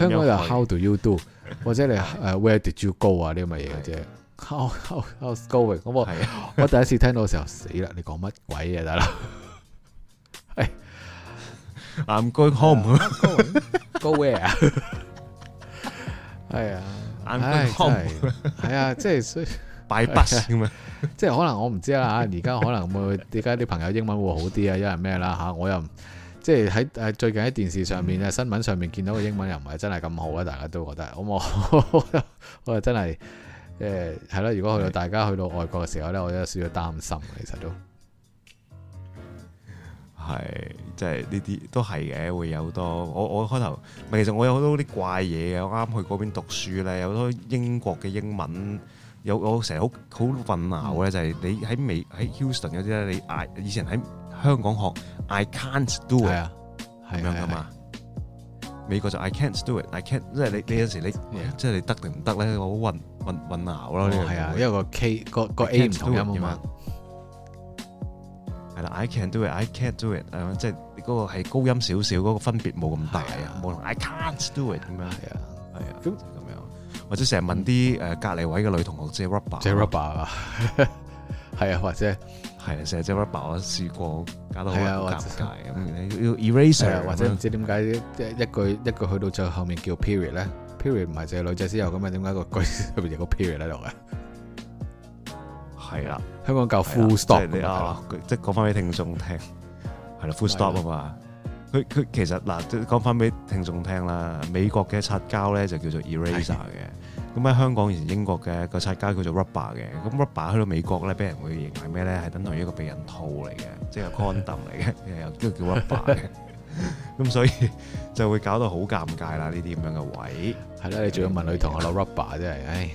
香港就 How do you do？或者你誒 Where did you go 啊？呢咁嘅嘢嘅啫。How how how's going？我我第一次聽到嘅時候死啦！你講乜鬼嘢得啦？誒，I'm going home。Go where？係啊，I'm going home。係啊，即係所以敗筆咁啊！即係可能我唔知啦嚇。而家可能會點解啲朋友英文會好啲啊？因為咩啦吓，我又。即係喺誒最近喺電視上面啊、嗯、新聞上面見到嘅英文又唔係真係咁好啦，大家都覺得，好好 我我我又真係誒係啦。如果去到大家去到外國嘅時候咧，我有少少擔心其實都係即係呢啲都係嘅，會有好多。我我開頭其實我有好多啲怪嘢嘅。我啱啱去嗰邊讀書咧，有好多英國嘅英文，有我成日好好混淆咧，就係、是、你喺美喺 Houston 嗰啲咧，你嗌以前喺。香港學 I can't do it，係啊，係咁樣噶嘛。美國就 I can't do it，I can 即係你你有時你即係你得定唔得咧，我好混混混淆咯。呢個係啊，因為個 K 個個 A 唔同音嘛。係啦，I can't do it，I can't do it，係咯，即係你嗰個係高音少少，嗰個分別冇咁大啊，冇同 I can't do it 咁樣係啊，係啊，咁就咁樣。或者成日問啲誒隔籬位嘅女同學，即係 Rubber，即係 Rubber 啊，係啊，或者。係啊，成日即係 rubber，我試過搞得好尷尬咁，要 eraser 或者唔知點解一一句一句去到最後面叫 period 咧？period 唔係淨係女仔先有咁啊？點解個句後面有個 period 喺度啊？係啊，香港教 full stop 啊，即係講翻俾聽眾聽，係啦，full stop 啊嘛。佢佢其實嗱，講翻俾聽眾聽啦，美國嘅擦膠咧就叫做 eraser 嘅。咁喺香港以前英國嘅個擦膠叫做 rubber 嘅，咁 rubber 去到美國咧，俾人會認為咩咧？係等同於一個避孕套嚟嘅，即係 condom 嚟嘅，又點解叫 rubber 嘅。咁所以就會搞到好尷尬啦！呢啲咁樣嘅位，係啦，你仲要問女同對我攞 rubber 真係，唉，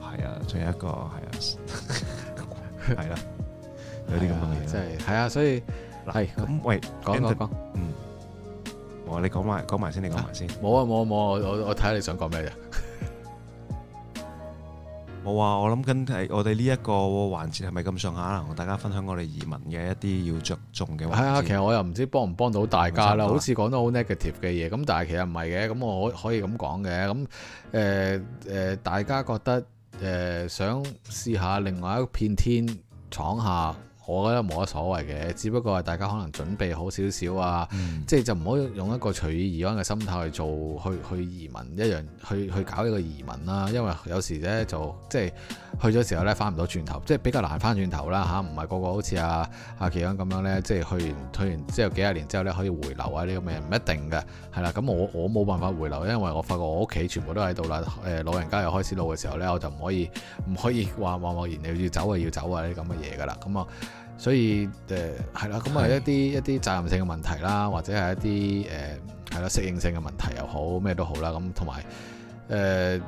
係啊，仲有一個係啊，係啦， 有啲咁嘅嘢，係啊、 就是，所以嗱，咁喂，講講講。說說你講埋講埋先，你講埋先。冇啊冇啊冇，啊。我我睇下你想講咩嘢。冇 啊，我諗緊係我哋呢一個環節係咪咁上下啊？可能同大家分享我哋移民嘅一啲要着重嘅。係啊，其實我又唔知幫唔幫到大家啦。嗯、好似講得好 negative 嘅嘢，咁但係其實唔係嘅。咁我可可以咁講嘅。咁誒誒，大家覺得誒、呃、想試下另外一片天，闖下。我覺得冇乜所謂嘅，只不過係大家可能準備好少少啊，嗯、即係就唔好用一個隨遇而安嘅心態去做去去移民一樣，去去搞呢個移民啦，因為有時呢就即係。去咗時候咧，翻唔到轉頭，即係比較難翻轉頭啦吓，唔、啊、係個個好似阿阿奇強咁樣咧，即係去完去完之後幾十年之後咧，可以回流啊呢啲咁嘅唔一定嘅，係啦，咁我我冇辦法回流，因為我發覺我屋企全部都喺度啦，誒、呃、老人家又開始老嘅時候咧，我就唔可以唔可以話話莫然要走要走啊要走啊呢啲咁嘅嘢㗎啦，咁啊，所以誒係啦，咁、呃、啊一啲的一啲責任性嘅問題啦，或者係一啲誒係啦適應性嘅問題又好咩都好啦，咁同埋誒。呃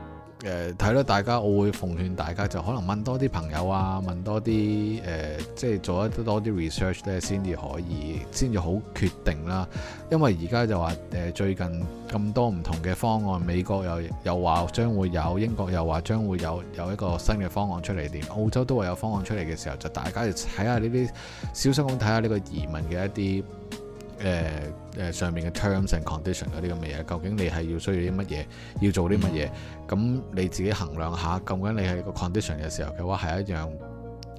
誒睇到大家我會奉勸大家就可能問多啲朋友啊，問多啲誒、呃，即係做一多啲 research 咧，先至可以，先至好決定啦。因為而家就話誒、呃、最近咁多唔同嘅方案，美國又又話將會有，英國又話將會有有一個新嘅方案出嚟點，澳洲都話有方案出嚟嘅時候，就大家要睇下呢啲小心咁睇下呢個移民嘅一啲。誒誒、呃呃、上面嘅 terms and condition 嗰啲咁嘅嘢，究竟你係要需要啲乜嘢，要做啲乜嘢？咁、嗯、你自己衡量下。究竟你喺個 condition 嘅時候嘅話，係一樣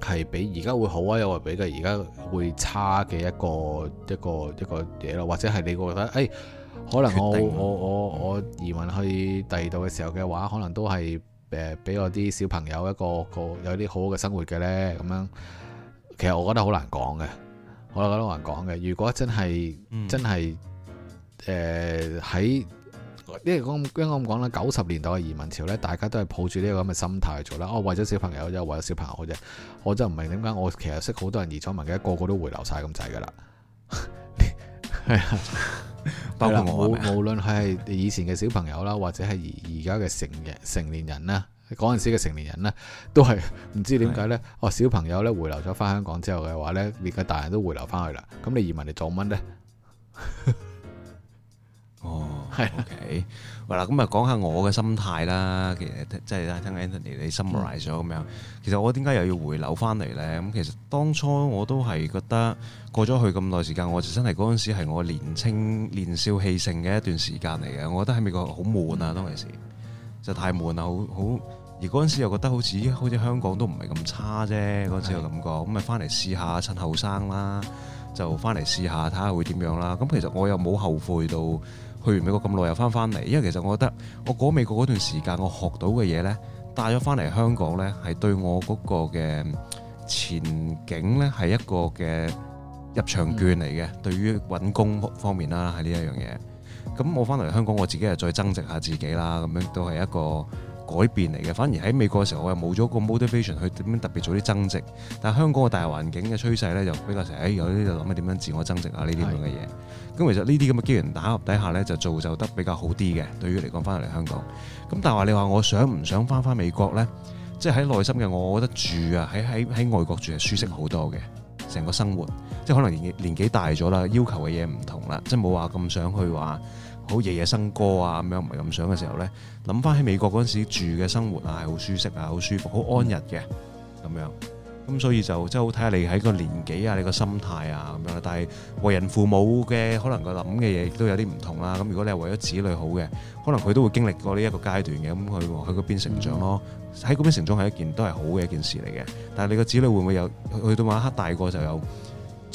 係比而家會好啊，又或者比較而家會差嘅一個一個一個嘢咯。或者係你覺得誒、哎，可能我定我我我移民去第二度嘅時候嘅話，可能都係誒俾我啲小朋友一個一個有啲好好嘅生活嘅咧。咁樣其實我覺得好難講嘅。我覺得好難講嘅。如果真係、嗯、真係誒喺，因為講因咁講啦，九十年代嘅移民潮咧，大家都係抱住呢個咁嘅心態去做啦。我、哦、為咗小朋友，就為咗小朋友啫。我就唔明點解，我其實識好多人移咗民嘅，個個都回流晒咁滯噶啦。係 啊的， 包括我，無， 無論係以前嘅小朋友啦，或者係而家嘅成嘅成年人啦。嗰陣時嘅成年人呢，都係唔知點解呢。是的 哦，小朋友呢，回流咗翻香港之後嘅話呢，連個大人都回流翻去啦。咁你移民你做乜呢？ 哦，係 OK 好啦，咁啊講下我嘅心態啦，其實即係聽下 Anthony 你 summarize 咗咁樣。其實我點解又要回流翻嚟呢？咁其實當初我都係覺得過咗去咁耐時間，我就真係嗰陣時係我年輕年少氣盛嘅一段時間嚟嘅。我覺得喺美國好悶啊，當時、嗯、就太悶啦，好好～而嗰陣時又覺得好似好似香港都唔係咁差啫，嗰陣時嘅感覺，咁咪翻嚟試下趁後生啦，就翻嚟試下睇下會點樣啦。咁其實我又冇後悔到去完美國咁耐又翻翻嚟，因為其實我覺得我過美國嗰段時間我學到嘅嘢呢，帶咗翻嚟香港呢，係對我嗰個嘅前景呢，係一個嘅入場券嚟嘅，嗯、對於揾工方面啦係呢一樣嘢。咁我翻嚟香港我自己又再增值下自己啦，咁樣都係一個。改變嚟嘅，反而喺美國嘅時候，我又冇咗個 motivation 去點樣特別做啲增值。但係香港嘅大環境嘅趨勢咧，就比較成日、哎、有啲就諗緊點樣自我增值啊呢啲咁嘅嘢。咁的其實呢啲咁嘅機緣打合底下咧，就造就得比較好啲嘅。對於嚟講翻嚟香港，咁但係話你話我想唔想翻翻美國咧？即係喺內心嘅我覺得住啊，喺喺喺外國住係舒適好多嘅。成個生活即係、就是、可能年年紀大咗啦，要求嘅嘢唔同啦，即係冇話咁想去話。好夜夜笙歌啊咁樣唔係咁想嘅時候呢，諗翻喺美國嗰陣時住嘅生活啊，係好舒適啊，好舒服，好安逸嘅咁樣。咁所以就真係好睇下你喺個年紀啊，你個心態啊咁樣。但係為人父母嘅可能個諗嘅嘢都有啲唔同啦，啊。咁如果你係為咗子女好嘅，可能佢都會經歷過呢一個階段嘅。咁佢佢嗰邊成長咯，喺嗰邊成長係一件都係好嘅一件事嚟嘅。但係你個子女會唔會有去到晚黑大個就有？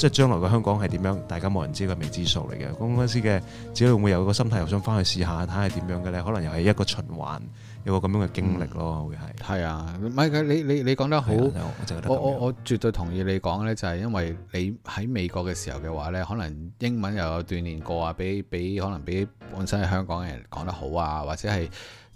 即係將來嘅香港係點樣，大家冇人知佢未知數嚟嘅。咁嗰陣嘅，只要會有，有個心態，又想翻去試下，睇下點樣嘅咧。可能又係一個循環，有個咁樣嘅經歷咯，嗯、會係係。係啊，唔係佢你你你講得好，啊、我我我，我，我絕對同意你講咧，就係、係、因為你喺美國嘅時候嘅話咧，可能英文又有鍛鍊過啊，比比可能比本身喺香港嘅人講得好啊，或者係。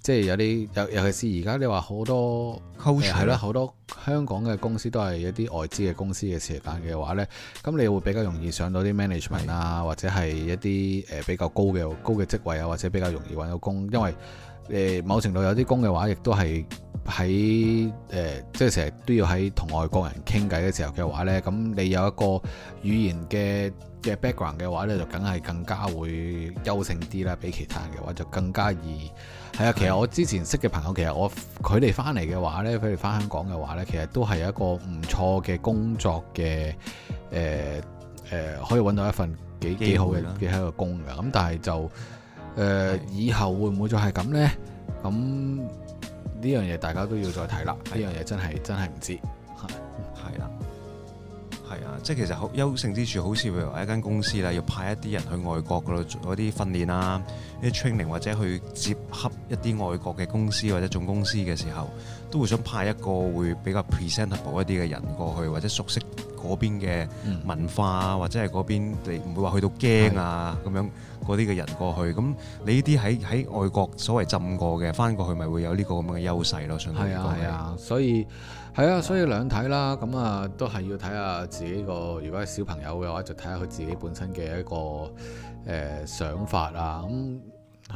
即係有啲，尤尤其是而家你話好多係咯，好 Culture.、欸、多香港嘅公司都係一啲外資嘅公司嘅時間嘅話呢。咁你會比較容易上到啲 management 啊是，或者係一啲誒比較高嘅高嘅職位啊，或者比較容易揾到工，因為誒、呃、某程度有啲工嘅話，亦都係喺誒即係成日都要喺同外國人傾偈嘅時候嘅話呢。咁你有一個語言嘅嘅 background 嘅話呢，就梗係更加會優勝啲啦，比其他人嘅話就更加易。係啊，其實我之前識嘅朋友，其實我佢哋返嚟嘅話呢，佢哋返香港嘅話呢，其實都係一個唔錯嘅工作嘅，誒、呃、誒、呃，可以搵到一份幾幾好嘅幾好嘅一個工噶。咁但係就誒，呃、的以後會唔會再係咁呢？咁呢樣嘢大家都要再睇啦。呢的樣嘢真係真係唔知，係啊。係啊，即係其實好優勝之處，好似譬如話一間公司啦，要派一啲人去外國度咯，嗰啲訓練啊、啲 training 或者去接洽一啲外國嘅公司或者總公司嘅時候，都會想派一個會比較 presentable 一啲嘅人過去，或者熟悉嗰邊嘅文化、嗯、啊，或者係嗰邊你唔會話去到驚啊咁樣嗰啲嘅人過去。咁你呢啲喺喺外國所謂浸過嘅返過去咪會有呢個咁嘅優勢咯。係啊係啊，所以。係啊，所以兩睇啦，咁啊都係要睇下自己個。如果係小朋友嘅話，就睇下佢自己本身嘅一個誒、呃、想法、嗯、啊。咁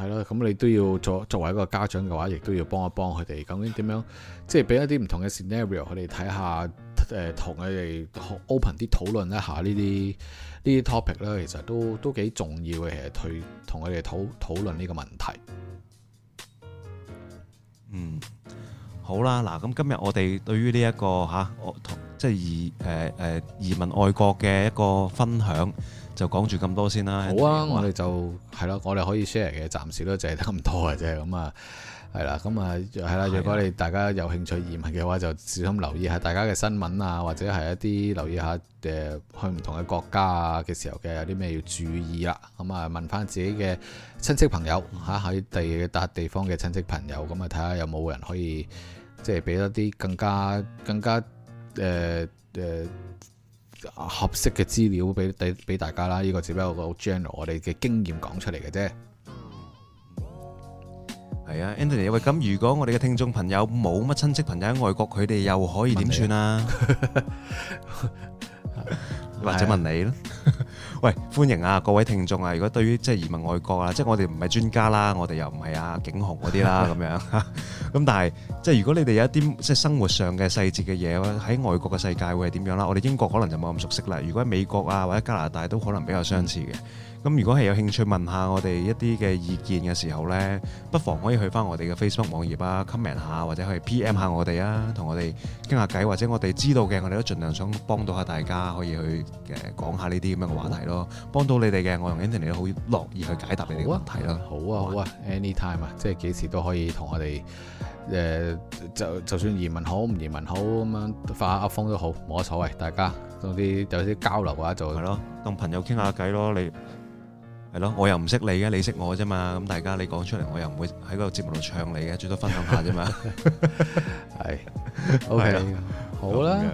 係啦，咁你都要作作為一個家長嘅話，亦都要幫一幫佢哋。究竟點樣即係俾一啲唔同嘅 scenario 佢哋睇下？誒、呃，同佢哋 open 啲討論一下呢啲呢啲 topic 咧。其實都都幾重要嘅。其實佢同佢哋討討論呢個問題。嗯。好啦，嗱，咁今日我哋對於呢、這、一個嚇、啊，即係移誒誒、呃、移民外國嘅一個分享，就講住咁多先啦。好啊，好吧，我哋就係咯，我哋可以 share 嘅，暫時都就係得咁多嘅啫。咁、嗯、啊，係啦，咁啊係啦，如果你大家有興趣移民嘅話，就小心留意下大家嘅新聞啊，或者係一啲留意下誒去唔同嘅國家啊嘅時候嘅有啲咩要注意啊。咁、嗯、啊，問翻自己嘅親戚朋友嚇，喺第二笪地方嘅親戚朋友，咁啊睇下有冇人可以。即係俾一啲更加更加誒誒、呃呃、合適嘅資料俾俾大家啦，呢、這個只不過個 general 我哋嘅經驗講出嚟嘅啫。係啊，Anthony 喂，咁如果我哋嘅聽眾朋友冇乜親戚朋友喺外國，佢哋又可以點算啊？或者問你咯， 喂，歡迎啊各位聽眾啊！如果對於即係移民外國啊， 即係我哋唔係專家啦，我哋又唔係啊景雄嗰啲啦咁樣，咁 但係即係如果你哋有一啲即係生活上嘅細節嘅嘢喺外國嘅世界會係點樣啦？我哋英國可能就冇咁熟悉啦，如果喺美國啊或者加拿大都可能比較相似嘅。嗯咁如果係有興趣問下我哋一啲嘅意見嘅時候呢，不妨可以去翻我哋嘅 Facebook 網頁啊，comment 下或者去 PM 下我哋啊，同我哋傾下偈，或者我哋知道嘅，我哋都盡量想幫到下大家，可以去誒講下呢啲咁樣嘅話題咯，啊、幫到你哋嘅，我同 Anthony 都好樂意去解答你哋嘅問題咯、啊。好啊好啊，好啊，Anytime 啊，即係幾時都可以同我哋誒、呃，就就算移民好唔移民好咁樣發下噏風都好，冇乜所謂，大家有啲有啲交流嘅就係咯，同朋友傾下偈咯，你。係咯，我又唔識你嘅，你識我啫嘛。咁大家你講出嚟，我又唔會喺嗰個節目度唱你嘅，最多分享下啫嘛。係，OK，好啦吧，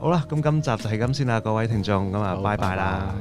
好啦，咁今集就係咁先啦，各位聽眾咁啊，拜拜啦。